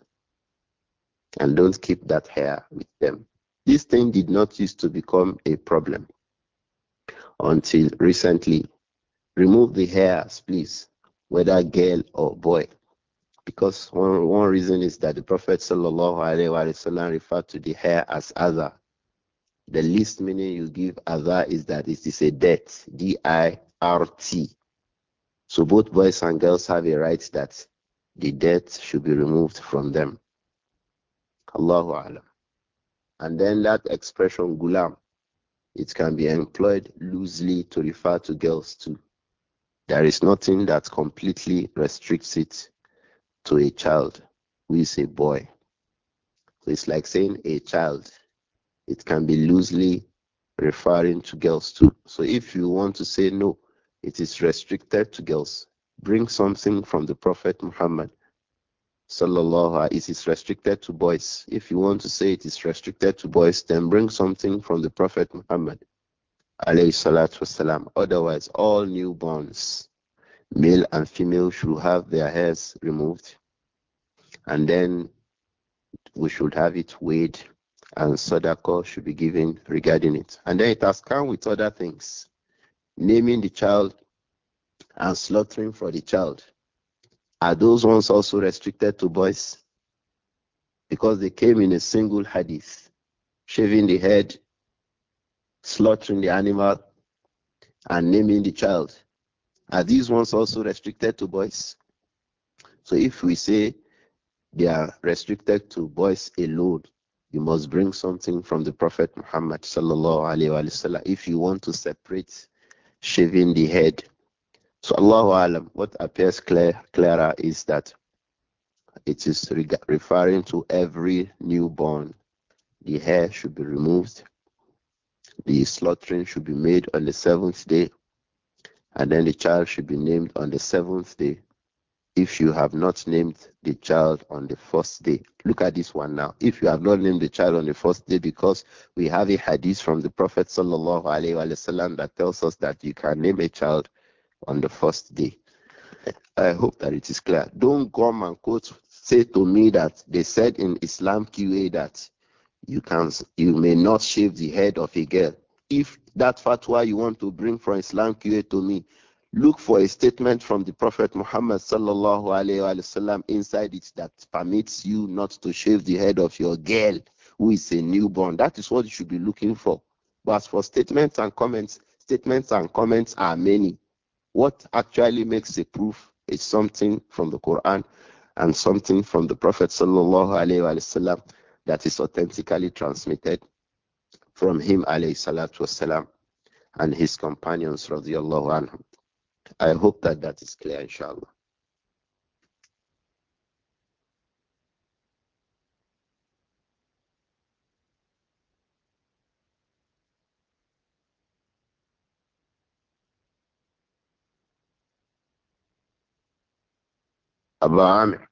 And don't keep that hair with them. This thing did not used to become a problem until recently. Remove the hairs, please, whether girl or boy. Because one, one reason is that the Prophet wasallam referred to the hair as other. The least meaning you give other is that it is a debt, D I R T, so both boys and girls have a right that the debt should be removed from them. Allahu Alam. And then that expression gulam, it can be employed loosely to refer to girls too. There is nothing that completely restricts it to a child who is a boy. So it's like saying a child. It can be loosely referring to girls too. So if you want to say no, it is restricted to girls. Bring something from the Prophet Muhammad. Sallallahu it is restricted to boys. If you want to say it is restricted to boys, then bring something from the Prophet Muhammad. Alayhi Otherwise, all newborns, male and female, should have their hairs removed. And then we should have it weighed and sadaqah should be given regarding it. And then it has come with other things naming the child and slaughtering for the child. Are those ones also restricted to boys? Because they came in a single hadith shaving the head, slaughtering the animal, and naming the child. Are these ones also restricted to boys? So if we say they are restricted to boys alone, you must bring something from the Prophet Muhammad sallallahu alaihi wasallam if you want to separate shaving the head. So Allahu Alam, what appears clear, clearer is that it is referring to every newborn. The hair should be removed. The slaughtering should be made on the seventh day. And then the child should be named on the seventh day if you have not named the child on the first day. Look at this one now. If you have not named the child on the first day, because we have a hadith from the Prophet وسلم, that tells us that you can name a child on the first day. I hope that it is clear. Don't come and quote say to me that they said in Islam QA that you can you may not shave the head of a girl. If that fatwa you want to bring from Islam QA to me, look for a statement from the Prophet Muhammad sallallahu alayhi wasallam inside it that permits you not to shave the head of your girl who is a newborn. That is what you should be looking for. But as for statements and comments, statements and comments are many. What actually makes a proof is something from the Quran and something from the Prophet sallallahu alayhi wasallam that is authentically transmitted from him alayhi salatu wasalam and his companions radiyallahu anhum. I hope that that is clear, inshallah. Abu Amir.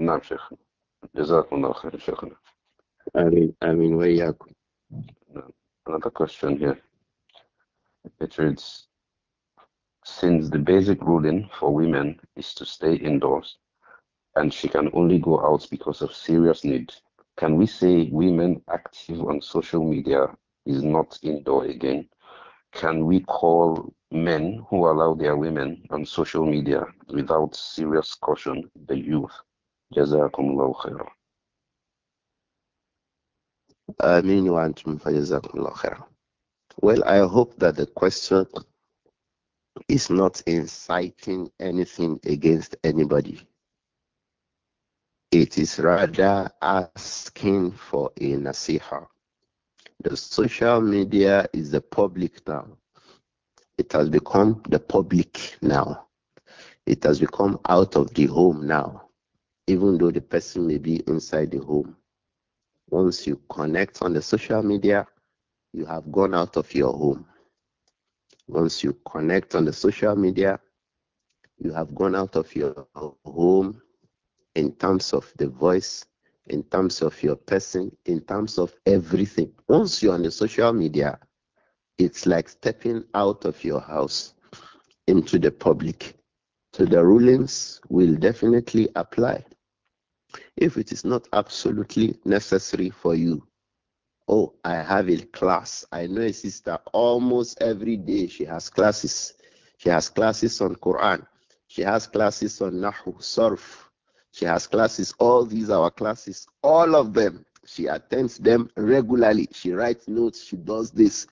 نعم شيخنا جزاكم الله خير شيخنا آمين آمين وإياكم Another question here. It reads, since the basic ruling for women is to stay indoors and she can only go out because of serious need, can we say women active on social media is not indoor again? Can we call men who allow their women on social media without serious caution the youth جزاكم الله خيرا آمين وأنتم فجزاكم الله خيرا Well, I hope that the question is not inciting anything against anybody. It is rather asking for a nasiha. The social media is the public now. It has become the public now. It has become out of the home now even though the person may be inside the home. Once you connect on the social media, you have gone out of your home. Once you connect on the social media, you have gone out of your home in terms of the voice, in terms of your person, in terms of everything. Once you're on the social media, it's like stepping out of your house into the public. So the rulings will definitely apply if it is not absolutely necessary for you. Oh, I have a class. I know a sister almost every day she has classes. She has classes on Quran. She has classes on Nahu, Surf. She has classes. All these our classes. All of them. She attends them regularly. She writes notes. She does this.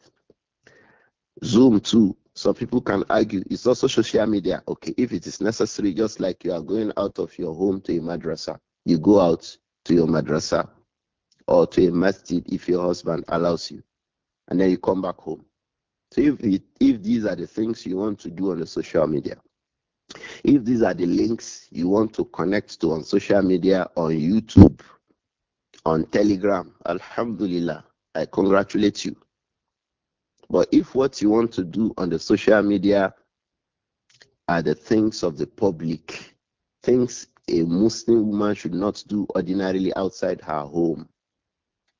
Zoom too. Some people can argue it's also social media. Okay, if it is necessary, just like you are going out of your home to a madrasa, you go out to your madrasa or to a masjid if your husband allows you, and then you come back home. So if it, if these are the things you want to do on the social media, if these are the links you want to connect to on social media, on YouTube, on Telegram, Alhamdulillah, I congratulate you. But if what you want to do on the social media are the things of the public, things a Muslim woman should not do ordinarily outside her home,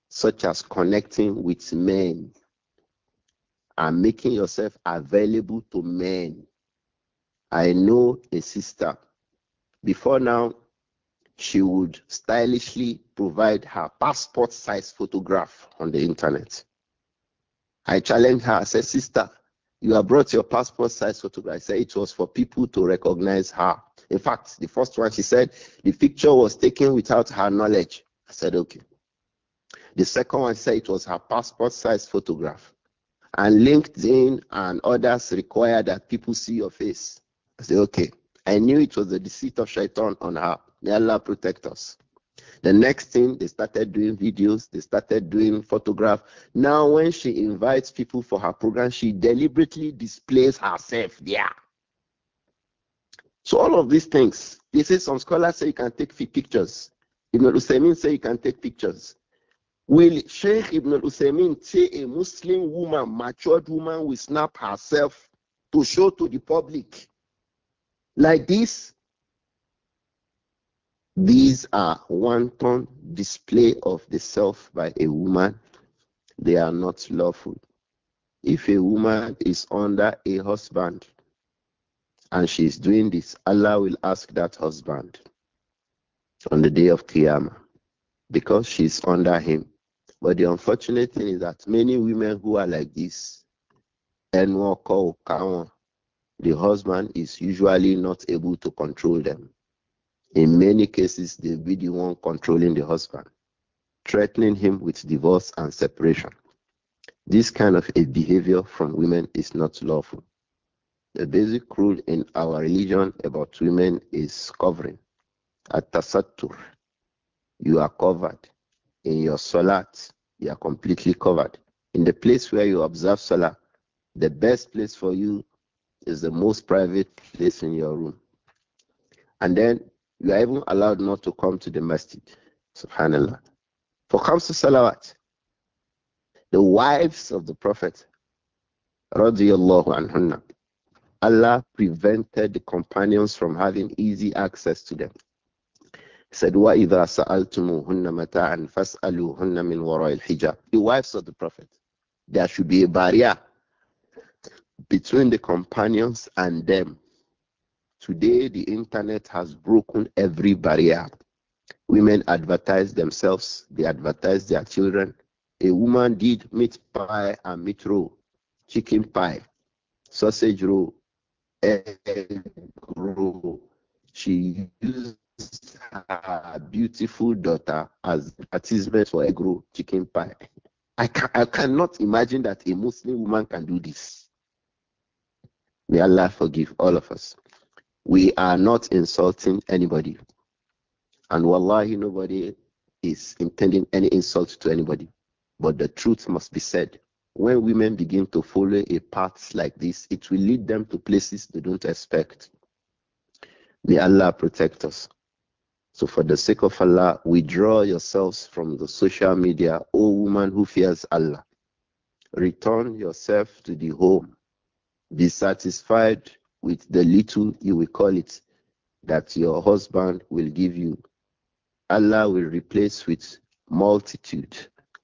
such as connecting with men and making yourself available to men. I know a sister. Before now, she would stylishly provide her passport size photograph on the internet. I challenged her, I said, Sister, you have brought your passport size photograph. I said it was for people to recognize her. In fact, the first one she said the picture was taken without her knowledge. I said, okay. The second one said it was her passport size photograph. And LinkedIn and others require that people see your face. I said, okay. I knew it was the deceit of Shaitan on her. May Allah protect us. The next thing, they started doing videos, they started doing photograph. Now, when she invites people for her program, she deliberately displays herself there. So all of these things, they say some scholars say you can take pictures. Ibn Usaymin say you can take pictures. Will Sheikh Ibn Usaymin say a Muslim woman, matured woman, will snap herself to show to the public like this? These are wanton display of the self by a woman. They are not lawful. If a woman is under a husband and she is doing this, Allah will ask that husband on the day of Qiyamah because she is under him. But the unfortunate thing is that many women who are like this, and the husband is usually not able to control them in many cases, they'll be the one controlling the husband, threatening him with divorce and separation. This kind of a behavior from women is not lawful. The basic rule in our religion about women is covering. At tasattur, you are covered. In your salat, you are completely covered. In the place where you observe salah, the best place for you is the most private place in your room. And then you are even allowed not to come to the masjid. Subhanallah. For comes to salawat, the wives of the Prophet, radiallahu Allah prevented the companions from having easy access to them. said, وَإِذَا سَأَلْتُمُوهُنَّ مَتَاعًا The wives of the Prophet. There should be a barrier between the companions and them Today, the internet has broken every barrier. Women advertise themselves, they advertise their children. A woman did meat pie and meat roll, chicken pie, sausage roll, egg roll. She used her beautiful daughter as advertisement for egg roll, chicken pie. I, can, I cannot imagine that a Muslim woman can do this. May Allah forgive all of us. We are not insulting anybody. And wallahi, nobody is intending any insult to anybody. But the truth must be said. When women begin to follow a path like this, it will lead them to places they don't expect. May Allah protect us. So, for the sake of Allah, withdraw yourselves from the social media, O woman who fears Allah. Return yourself to the home. Be satisfied with the little you will call it that your husband will give you. Allah will replace with multitude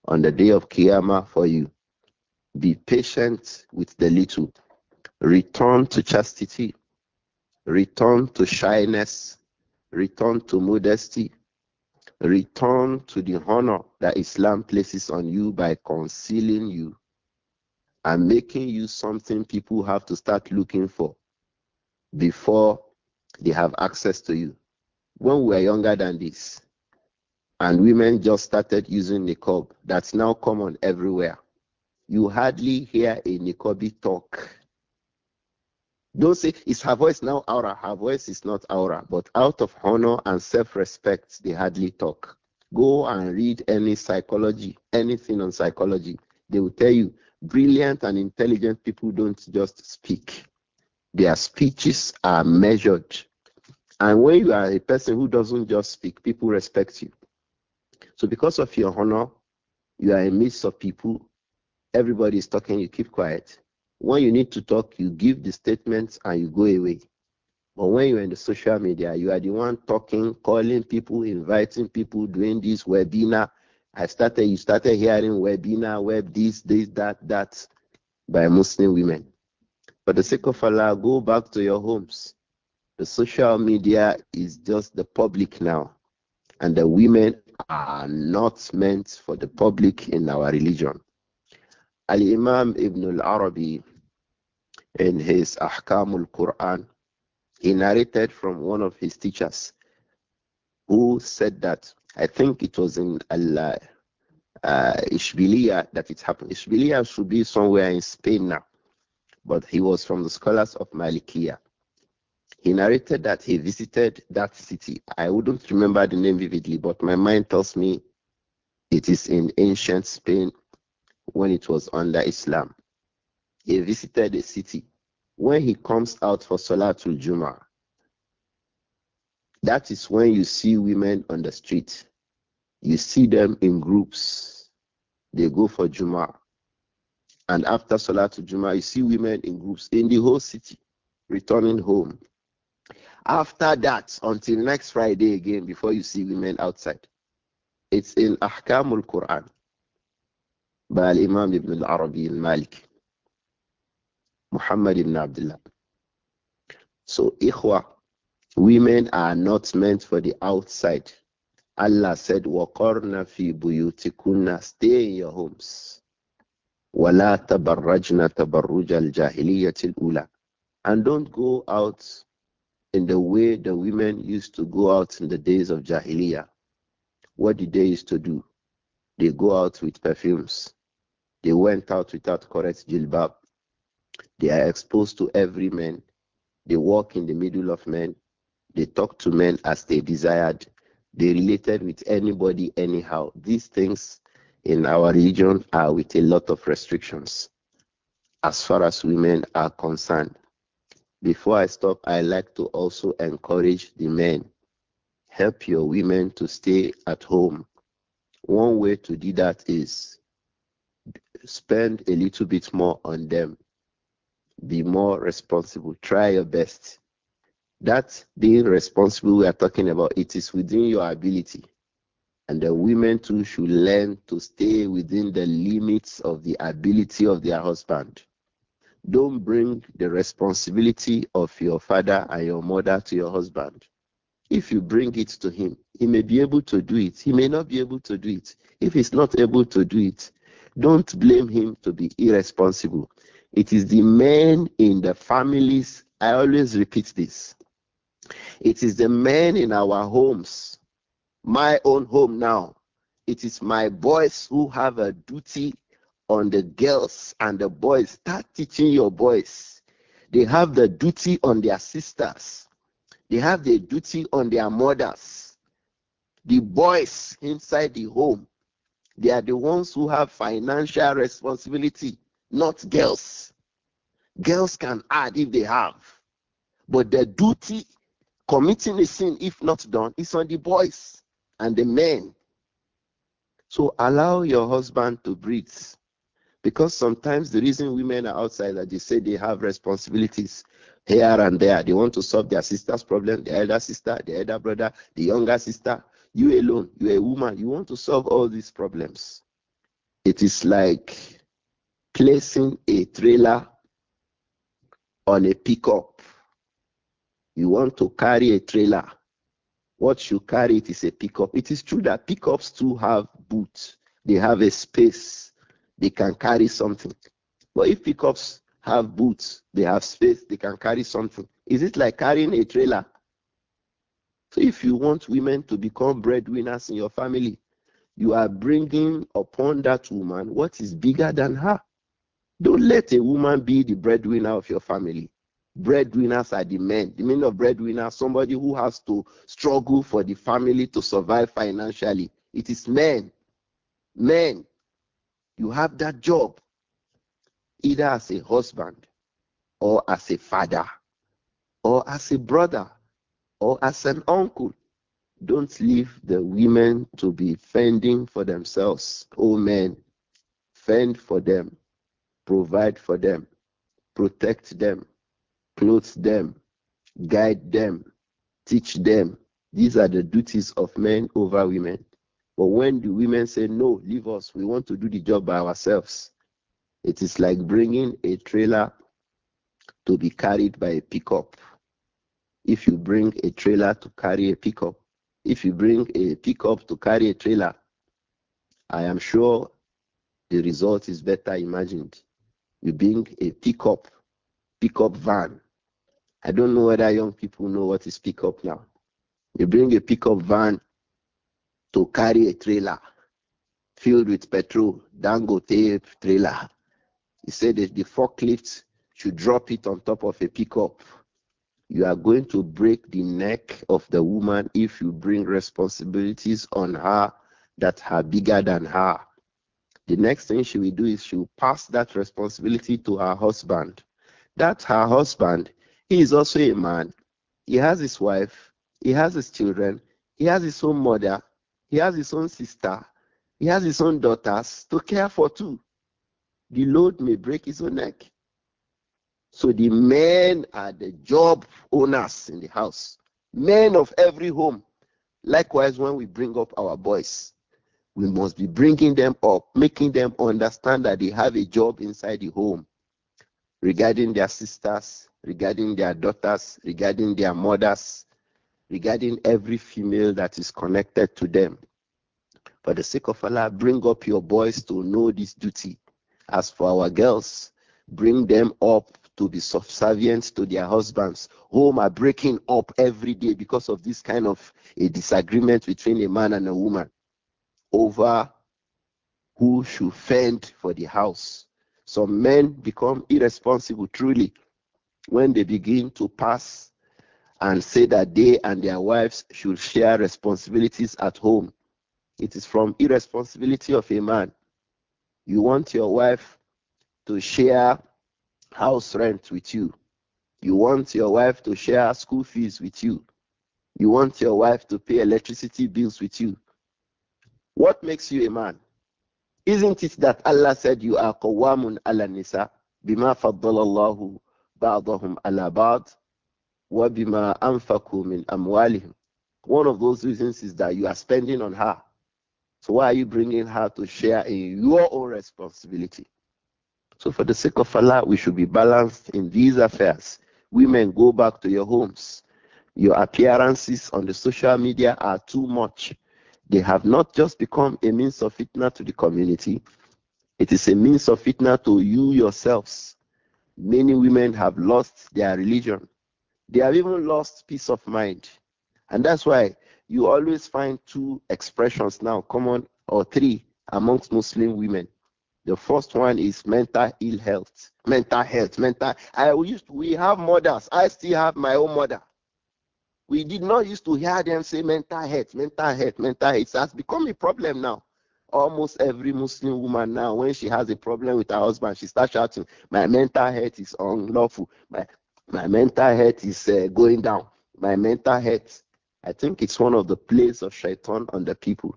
on the day of Qiyamah for you. Be patient with the little. Return to chastity. Return to shyness. Return to modesty. Return to the honor that Islam places on you by concealing you and making you something people have to start looking for before they have access to you. When we were younger than this, and women just started using niqab, that's now common everywhere. You hardly hear a niqabi talk. Don't say it's her voice now, aura. Her voice is not aura, but out of honor and self respect, they hardly talk. Go and read any psychology, anything on psychology. They will tell you brilliant and intelligent people don't just speak. Their speeches are measured. And when you are a person who doesn't just speak, people respect you. So because of your honor, you are in midst of people. Everybody is talking, you keep quiet. When you need to talk, you give the statements and you go away. But when you're in the social media, you are the one talking, calling people, inviting people, doing this webinar. I started, you started hearing webinar, web this, this, that, that by Muslim women. For the sake of Allah, go back to your homes. The social media is just the public now, and the women are not meant for the public in our religion. Al Imam Ibn Al Arabi, in his Ahkamul Quran, he narrated from one of his teachers who said that I think it was in Al uh, Ishbiliya that it happened. Ishbiliya should be somewhere in Spain now but he was from the scholars of Malikiya. He narrated that he visited that city. I wouldn't remember the name vividly, but my mind tells me it is in ancient Spain when it was under Islam. He visited the city. When he comes out for Salatul that that is when you see women on the street. You see them in groups. They go for Jummah and after Salatul Juma, you see women in groups in the whole city returning home. After that, until next Friday again, before you see women outside, it's in Ahkamul Quran by al Imam Ibn al Arabi al malik Muhammad ibn Abdullah. So, ikhwa, women are not meant for the outside. Allah said, وَقَرْنَ فِي بُيُوتِكُنَّ Stay in your homes. وَلَا تَبَرَّجْنَا تَبَرُّجَ الْجَاهِلِيَّةِ الْأُولَى And don't go out in the way the women used to go out in the days of Jahiliyyah. What did they used to do? They go out with perfumes. They went out without correct jilbab. They are exposed to every man. They walk in the middle of men. They talk to men as they desired. They related with anybody anyhow. These things in our region are with a lot of restrictions as far as women are concerned. Before I stop, I like to also encourage the men help your women to stay at home. One way to do that is spend a little bit more on them, be more responsible, try your best. That being responsible, we are talking about, it is within your ability. And the women too should learn to stay within the limits of the ability of their husband. Don't bring the responsibility of your father and your mother to your husband. If you bring it to him, he may be able to do it. He may not be able to do it. If he's not able to do it, don't blame him to be irresponsible. It is the men in the families. I always repeat this. It is the men in our homes my own home now. It is my boys who have a duty on the girls and the boys. Start teaching your boys. They have the duty on their sisters, they have the duty on their mothers. The boys inside the home, they are the ones who have financial responsibility, not girls. Girls can add if they have, but the duty committing a sin, if not done, is on the boys and the men. So allow your husband to breathe. Because sometimes the reason women are outside that they say they have responsibilities here and there. They want to solve their sister's problem, the elder sister, the elder brother, the younger sister. You alone, you're a woman, you want to solve all these problems. It is like placing a trailer on a pickup. You want to carry a trailer what you carry it is a pickup. It is true that pickups too have boots. They have a space. They can carry something. But if pickups have boots, they have space, they can carry something. Is it like carrying a trailer? So if you want women to become breadwinners in your family, you are bringing upon that woman what is bigger than her. Don't let a woman be the breadwinner of your family. Breadwinners are the men. The meaning of breadwinner, somebody who has to struggle for the family to survive financially. It is men. Men. You have that job either as a husband or as a father or as a brother or as an uncle. Don't leave the women to be fending for themselves. Oh, men, fend for them, provide for them, protect them, clothe them, guide them, teach them. These are the duties of men over women. But when the women say, No, leave us, we want to do the job by ourselves, it is like bringing a trailer to be carried by a pickup. If you bring a trailer to carry a pickup, if you bring a pickup to carry a trailer, I am sure the result is better imagined. You bring a pickup pickup van. I don't know whether young people know what is pickup now. You bring a pickup van to carry a trailer filled with petrol, tape trailer. He said that the forklift should drop it on top of a pickup. You are going to break the neck of the woman if you bring responsibilities on her that are bigger than her. The next thing she will do is she will pass that responsibility to her husband. That's her husband. He is also a man. He has his wife. He has his children. He has his own mother. He has his own sister. He has his own daughters to care for too. The load may break his own neck. So the men are the job owners in the house, men of every home. Likewise, when we bring up our boys, we must be bringing them up, making them understand that they have a job inside the home regarding their sisters, regarding their daughters, regarding their mothers, regarding every female that is connected to them. For the sake of Allah, bring up your boys to know this duty. As for our girls, bring them up to be subservient to their husbands. Home are breaking up every day because of this kind of a disagreement between a man and a woman over who should fend for the house, some men become irresponsible truly when they begin to pass and say that they and their wives should share responsibilities at home. It is from irresponsibility of a man. You want your wife to share house rent with you. You want your wife to share school fees with you. You want your wife to pay electricity bills with you. What makes you a man? Isn't it that Allah said you are qawamun ala nisa bima faddalallahu ba'dahum ala ba'd wa bima anfaku min amwalihim. One of those reasons is that you are spending on her. So why are you bringing her to share in your own responsibility? So for the sake of Allah, we should be balanced in these affairs. Women, go back to your homes. Your appearances on the social media are too much. They have not just become a means of fitna to the community, it is a means of fitna to you yourselves. Many women have lost their religion. They have even lost peace of mind. And that's why you always find two expressions now common or three amongst Muslim women. The first one is mental ill health. Mental health, mental. I used we have mothers. I still have my own mother. We did not used to hear them say mental health, mental health, mental health. It has become a problem now. Almost every Muslim woman now, when she has a problem with her husband, she starts shouting, My mental health is unlawful. My, my mental health is uh, going down. My mental health. I think it's one of the plays of shaitan on the people.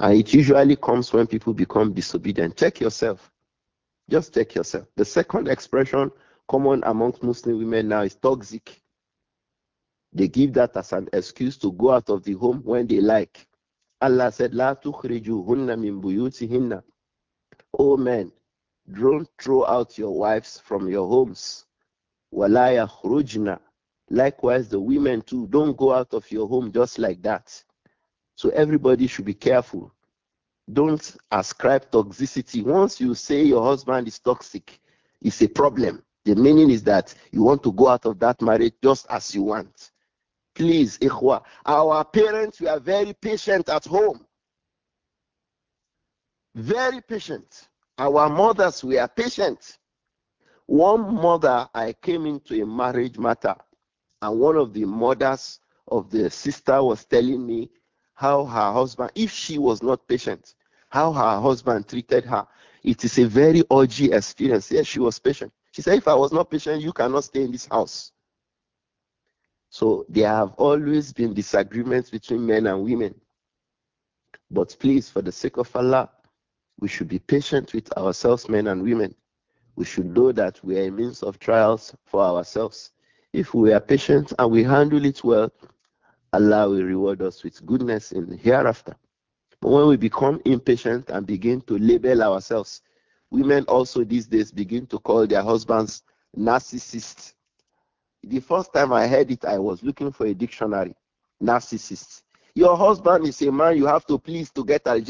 And it usually comes when people become disobedient. Check yourself. Just check yourself. The second expression common amongst Muslim women now is toxic they give that as an excuse to go out of the home when they like. Allah said, La tukhrijuhunna min buyutihinna. Oh men, don't throw out your wives from your homes. Wala yakhrujna. Likewise, the women too, don't go out of your home just like that. So everybody should be careful. Don't ascribe toxicity. Once you say your husband is toxic, it's a problem. The meaning is that you want to go out of that marriage just as you want. Please, ikhwa, our parents were very patient at home. Very patient. Our mothers were patient. One mother, I came into a marriage matter, and one of the mothers of the sister was telling me how her husband, if she was not patient, how her husband treated her. It is a very orgy experience. Yes, she was patient. She said, If I was not patient, you cannot stay in this house. So there have always been disagreements between men and women. But please, for the sake of Allah, we should be patient with ourselves, men and women. We should know that we are a means of trials for ourselves. If we are patient and we handle it well, Allah will reward us with goodness in hereafter. But when we become impatient and begin to label ourselves, women also these days begin to call their husbands narcissists the first time I heard it, I was looking for a dictionary. Narcissist. Your husband is a man you have to please to get Al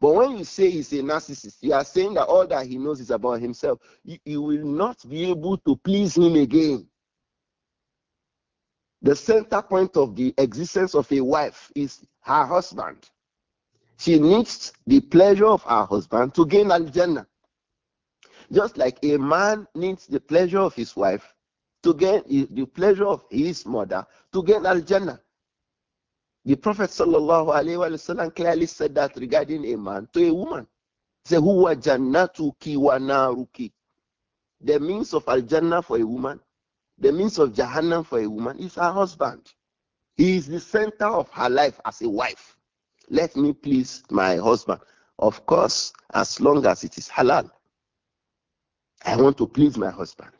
But when you say he's a narcissist, you are saying that all that he knows is about himself. You, you will not be able to please him again. The center point of the existence of a wife is her husband. She needs the pleasure of her husband to gain Al Just like a man needs the pleasure of his wife to gain the pleasure of his mother, to gain Al Jannah. The Prophet wasallam clearly said that regarding a man to a woman. Say, Huwa The means of Al Jannah for a woman, the means of Jahannam for a woman is her husband. He is the center of her life as a wife. Let me please my husband. Of course, as long as it is halal. I want to please my husband.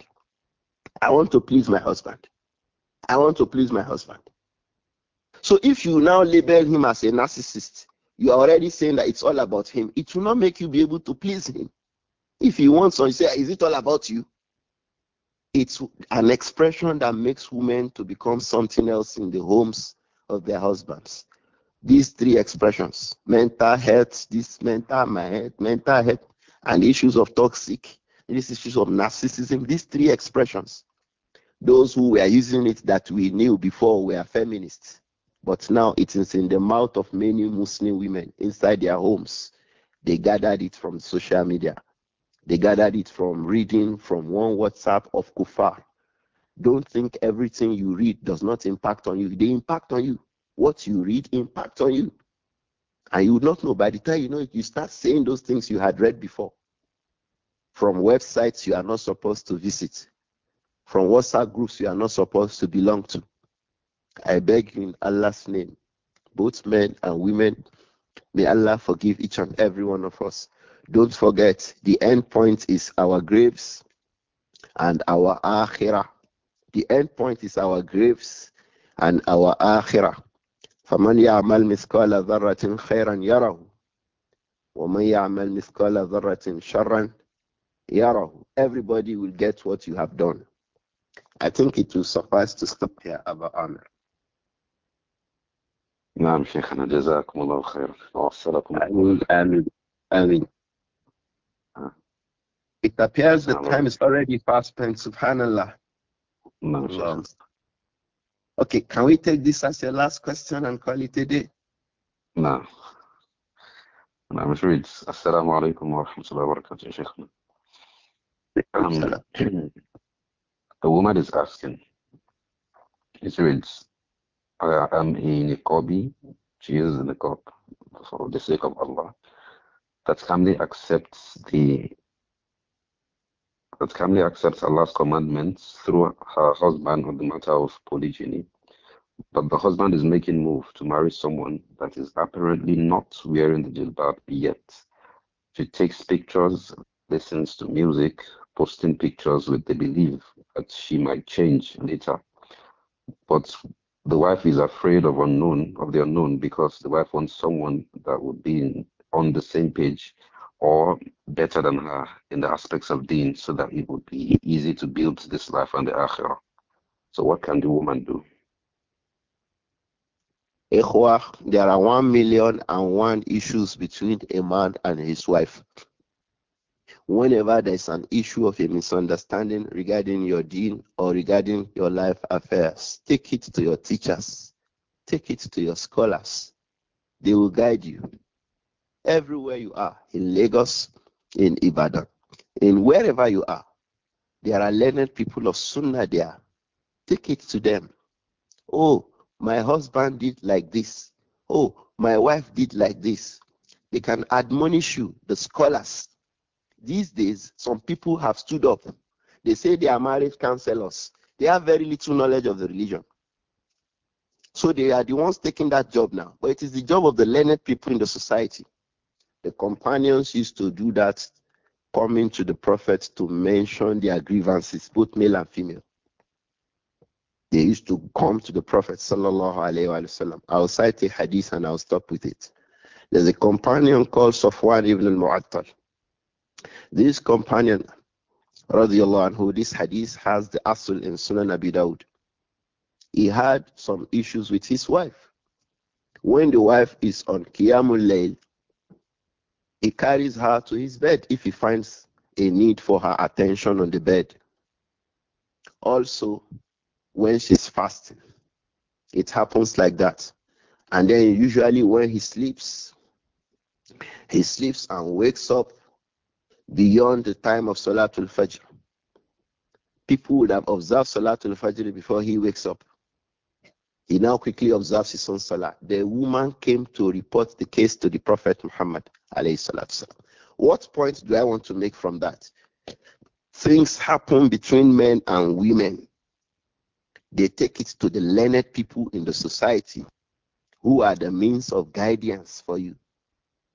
I want to please my husband. I want to please my husband. So if you now label him as a narcissist, you are already saying that it's all about him. It will not make you be able to please him. If he wants something, say, is it all about you? It's an expression that makes women to become something else in the homes of their husbands. These three expressions, mental health, this mental, my health, mental health, and issues of toxic these issues of narcissism, these three expressions, those who were using it that we knew before were feminists. But now it is in the mouth of many Muslim women inside their homes. They gathered it from social media. They gathered it from reading from one WhatsApp of Kufar. Don't think everything you read does not impact on you. They impact on you. What you read impact on you. And you would not know. By the time you know it, you start saying those things you had read before from websites you are not supposed to visit, from WhatsApp groups you are not supposed to belong to. I beg you in Allah's name, both men and women, may Allah forgive each and every one of us. Don't forget, the end point is our graves and our akhirah. The end point is our graves and our akhirah. فمن يعمل مثقال ذرة خيرا يره ومن يعمل مثقال ذرة شرا Yarahu. Everybody will get what you have done. I think it will suffice to stop here, Abba Amir. نعم شيخنا جزاكم الله خيرا ووصلكم آمين آمين It appears the time is already fast spent, subhanallah. okay, can we take this as your last question and call it a day? No. نعم شويد السلام عليكم ورحمة الله وبركاته شيخنا um, the woman is asking, it I am in a kobi, she is in a cup for the sake of Allah, that family accepts the that family accepts Allah's commandments through her husband on the matter of polygyny. But the husband is making move to marry someone that is apparently not wearing the jilbab yet. She takes pictures, listens to music, posting pictures with the belief that she might change later. But the wife is afraid of unknown of the unknown because the wife wants someone that would be in, on the same page or better than her in the aspects of deen so that it would be easy to build this life and the akhirah. So what can the woman do? there are one million and one issues between a man and his wife whenever there's an issue of a misunderstanding regarding your deen or regarding your life affairs, take it to your teachers, take it to your scholars. They will guide you everywhere you are in Lagos, in Ibadan, in wherever you are. There are learned people of Sunnah there. Take it to them. Oh, my husband did like this. Oh, my wife did like this. They can admonish you, the scholars, these days, some people have stood up. They say they are marriage counselors. They have very little knowledge of the religion. So they are the ones taking that job now. But it is the job of the learned people in the society. The companions used to do that, coming to the prophet to mention their grievances, both male and female. They used to come to the Prophet sallallahu alaihi wasallam. I'll cite a hadith and I'll stop with it. There's a companion called Safwan ibn al-Mu'attal. This companion, radiallahu anhu, this hadith has the asul in Sunan Abi Dawud. He had some issues with his wife. When the wife is on Qiyamul Layl, he carries her to his bed if he finds a need for her attention on the bed. Also, when she's fasting, it happens like that. And then usually when he sleeps, he sleeps and wakes up beyond the time of Salatul Fajr. People would have observed Salatul Fajr before he wakes up. He now quickly observes his own Salah. The woman came to report the case to the Prophet Muhammad. What point do I want to make from that? Things happen between men and women. They take it to the learned people in the society who are the means of guidance for you,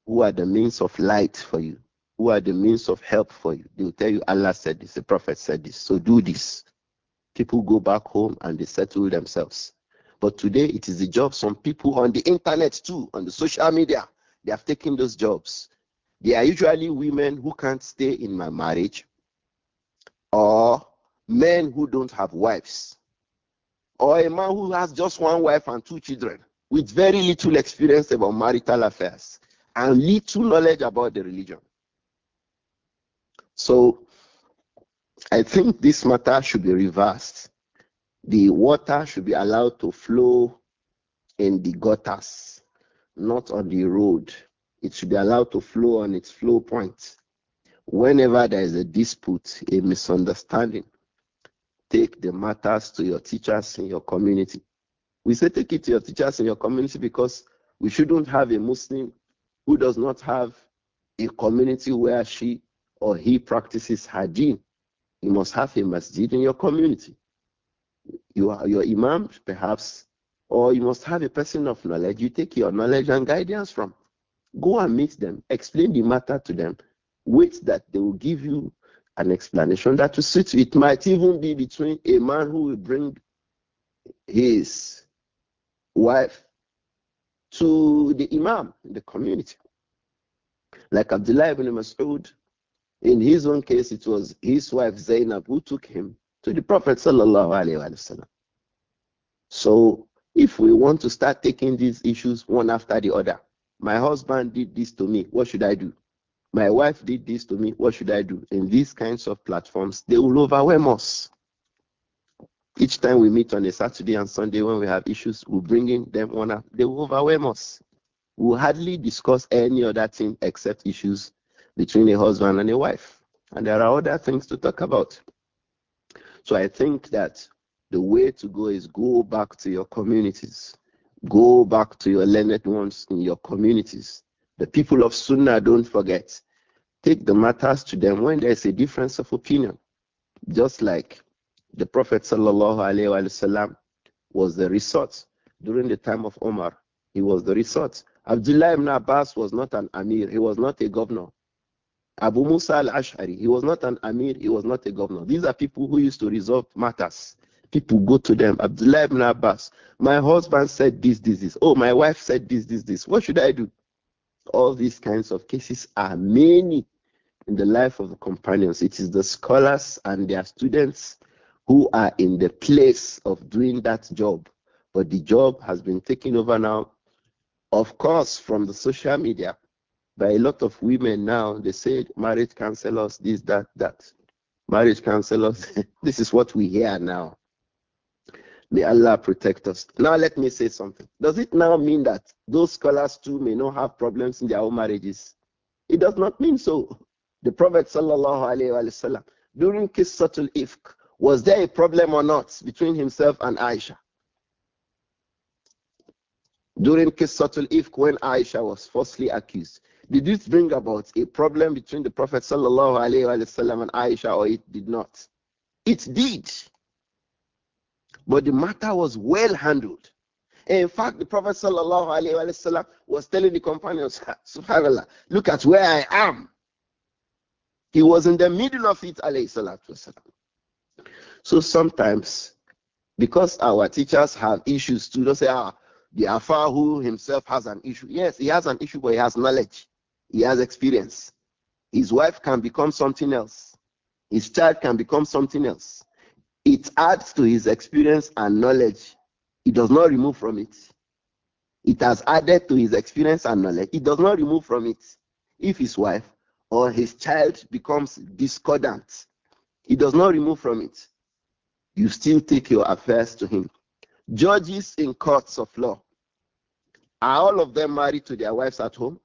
who are the means of light for you who are the means of help for you. They will tell you, Allah said this, the Prophet said this, so do this. People go back home and they settle themselves. But today it is the job some people on the internet too, on the social media, they have taken those jobs. They are usually women who can't stay in my marriage or men who don't have wives or a man who has just one wife and two children with very little experience about marital affairs and little knowledge about the religion. So I think this matter should be reversed. The water should be allowed to flow in the gutters, not on the road. It should be allowed to flow on its flow point. Whenever there is a dispute, a misunderstanding, take the matters to your teachers in your community. We say take it to your teachers in your community because we shouldn't have a Muslim who does not have a community where she or he practices hygiene. You must have a masjid in your community. You are your imam, perhaps, or you must have a person of knowledge you take your knowledge and guidance from. Go and meet them, explain the matter to them. Wait that they will give you an explanation that will suit you. It might even be between a man who will bring his wife to the imam in the community. Like Abdullah ibn Mas'ud in his own case, it was his wife Zainab who took him to the Prophet So if we want to start taking these issues one after the other, my husband did this to me, what should I do? My wife did this to me, what should I do? In these kinds of platforms, they will overwhelm us. Each time we meet on a Saturday and Sunday when we have issues, we bring in them one after, they will overwhelm us. We we'll hardly discuss any other thing except issues between a husband and a wife. And there are other things to talk about. So I think that the way to go is go back to your communities, go back to your learned ones in your communities. The people of Sunnah don't forget. Take the matters to them when there's a difference of opinion. Just like the Prophet وسلم, was the resort during the time of Omar. He was the resort. Abdullah ibn Abbas was not an Amir, he was not a governor. Abu Musa al-Ash'ari, he was not an Amir, he was not a governor. These are people who used to resolve matters. People go to them, Abdullah ibn Abbas, my husband said this, this, this. Oh, my wife said this, this, this. What should I do? All these kinds of cases are many in the life of the companions. It is the scholars and their students who are in the place of doing that job. But the job has been taken over now, of course, from the social media by a lot of women now. They say marriage counselors, this, that, that. Marriage counselors, this is what we hear now. May Allah protect us. Now let me say something. Does it now mean that those scholars too may not have problems in their own marriages? It does not mean so. The Prophet sallallahu alaihi wasallam during Kisatul Ifk, was there a problem or not between himself and Aisha? During Qissatul Ifk, when Aisha was falsely accused, did this bring about a problem between the Prophet وسلم, and Aisha, or it did not? It did. But the matter was well handled. In fact, the Prophet وسلم, was telling the companions, SubhanAllah, look at where I am. He was in the middle of it, So sometimes, because our teachers have issues, to say, ah, the Afar who himself has an issue. Yes, he has an issue, but he has knowledge. He has experience. His wife can become something else. His child can become something else. It adds to his experience and knowledge. It does not remove from it. It has added to his experience and knowledge. It does not remove from it. If his wife or his child becomes discordant, it does not remove from it. You still take your affairs to him. Judges in courts of law. Are all of them married to their wives at home?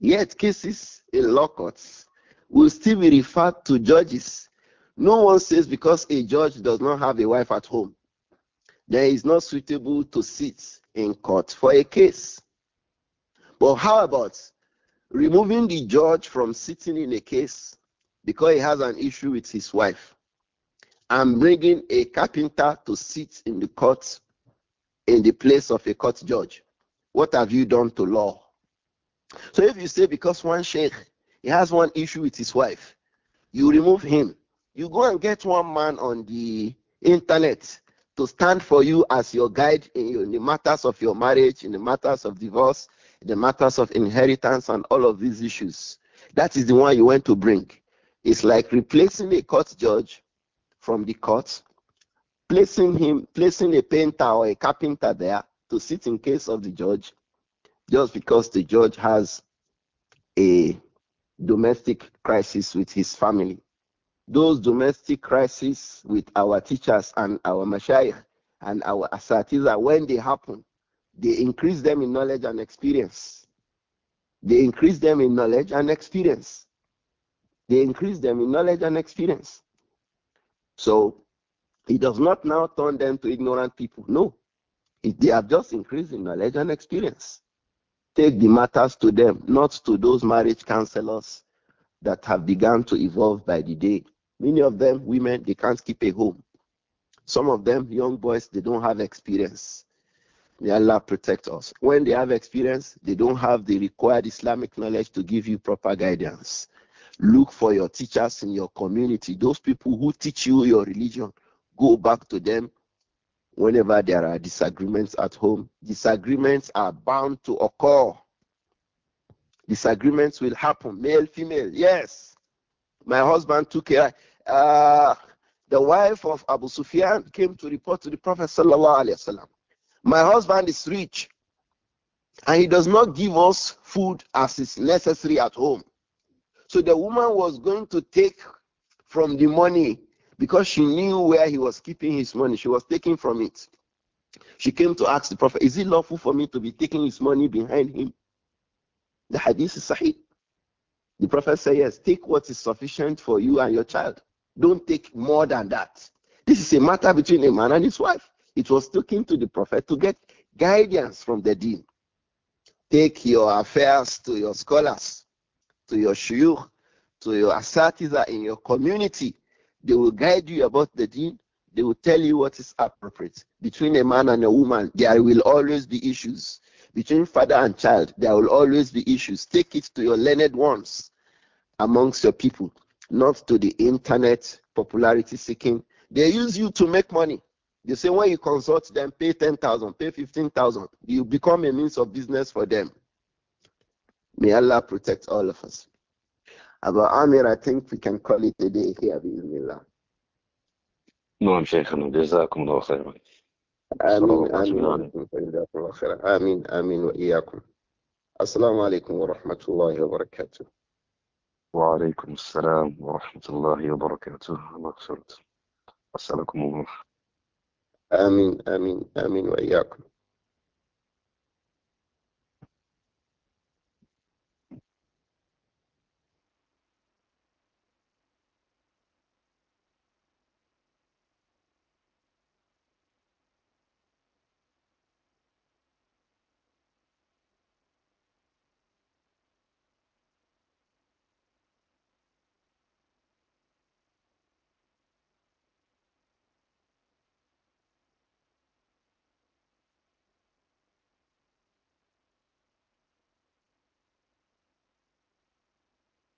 Yet cases in law courts will still be referred to judges. No one says because a judge does not have a wife at home, there is not suitable to sit in court for a case. But how about removing the judge from sitting in a case because he has an issue with his wife? I'm bringing a carpenter to sit in the court, in the place of a court judge. What have you done to law? So if you say because one sheikh he has one issue with his wife, you remove him. You go and get one man on the internet to stand for you as your guide in, your, in the matters of your marriage, in the matters of divorce, in the matters of inheritance, and all of these issues. That is the one you want to bring. It's like replacing a court judge from the court, placing him, placing a painter or a carpenter there to sit in case of the judge, just because the judge has a domestic crisis with his family. Those domestic crises with our teachers and our mashayikh and our asatiza, when they happen, they increase them in knowledge and experience. They increase them in knowledge and experience. They increase them in knowledge and experience. So he does not now turn them to ignorant people. No. They are just increasing knowledge and experience. Take the matters to them, not to those marriage counselors that have begun to evolve by the day. Many of them, women, they can't keep a home. Some of them, young boys, they don't have experience. May Allah protect us. When they have experience, they don't have the required Islamic knowledge to give you proper guidance. Look for your teachers in your community, those people who teach you your religion. Go back to them whenever there are disagreements at home. Disagreements are bound to occur. Disagreements will happen, male, female. Yes. My husband took care. Uh, the wife of Abu Sufyan came to report to the Prophet. My husband is rich and he does not give us food as is necessary at home. So the woman was going to take from the money because she knew where he was keeping his money. She was taking from it. She came to ask the Prophet, Is it lawful for me to be taking his money behind him? The hadith is sahih. The Prophet said, Yes, take what is sufficient for you and your child. Don't take more than that. This is a matter between a man and his wife. It was taken to the Prophet to get guidance from the deen. Take your affairs to your scholars to your shuyukh, to your asatiza in your community. They will guide you about the deen. They will tell you what is appropriate. Between a man and a woman, there will always be issues. Between father and child, there will always be issues. Take it to your learned ones amongst your people, not to the internet popularity seeking. They use you to make money. They say when you consult them, pay 10,000, pay 15,000. You become a means of business for them. May Allah protect all of us. Abu Amir, I think we can call it a day here, Bismillah. No, I'm Sheikhana. Jazakum Allah khairan. Amin, Amin. Amin, Amin. Wa iyaakum. Assalamu alaikum wa rahmatullahi wa barakatuh. Wa alaikum assalam Amin, Amin, Amin.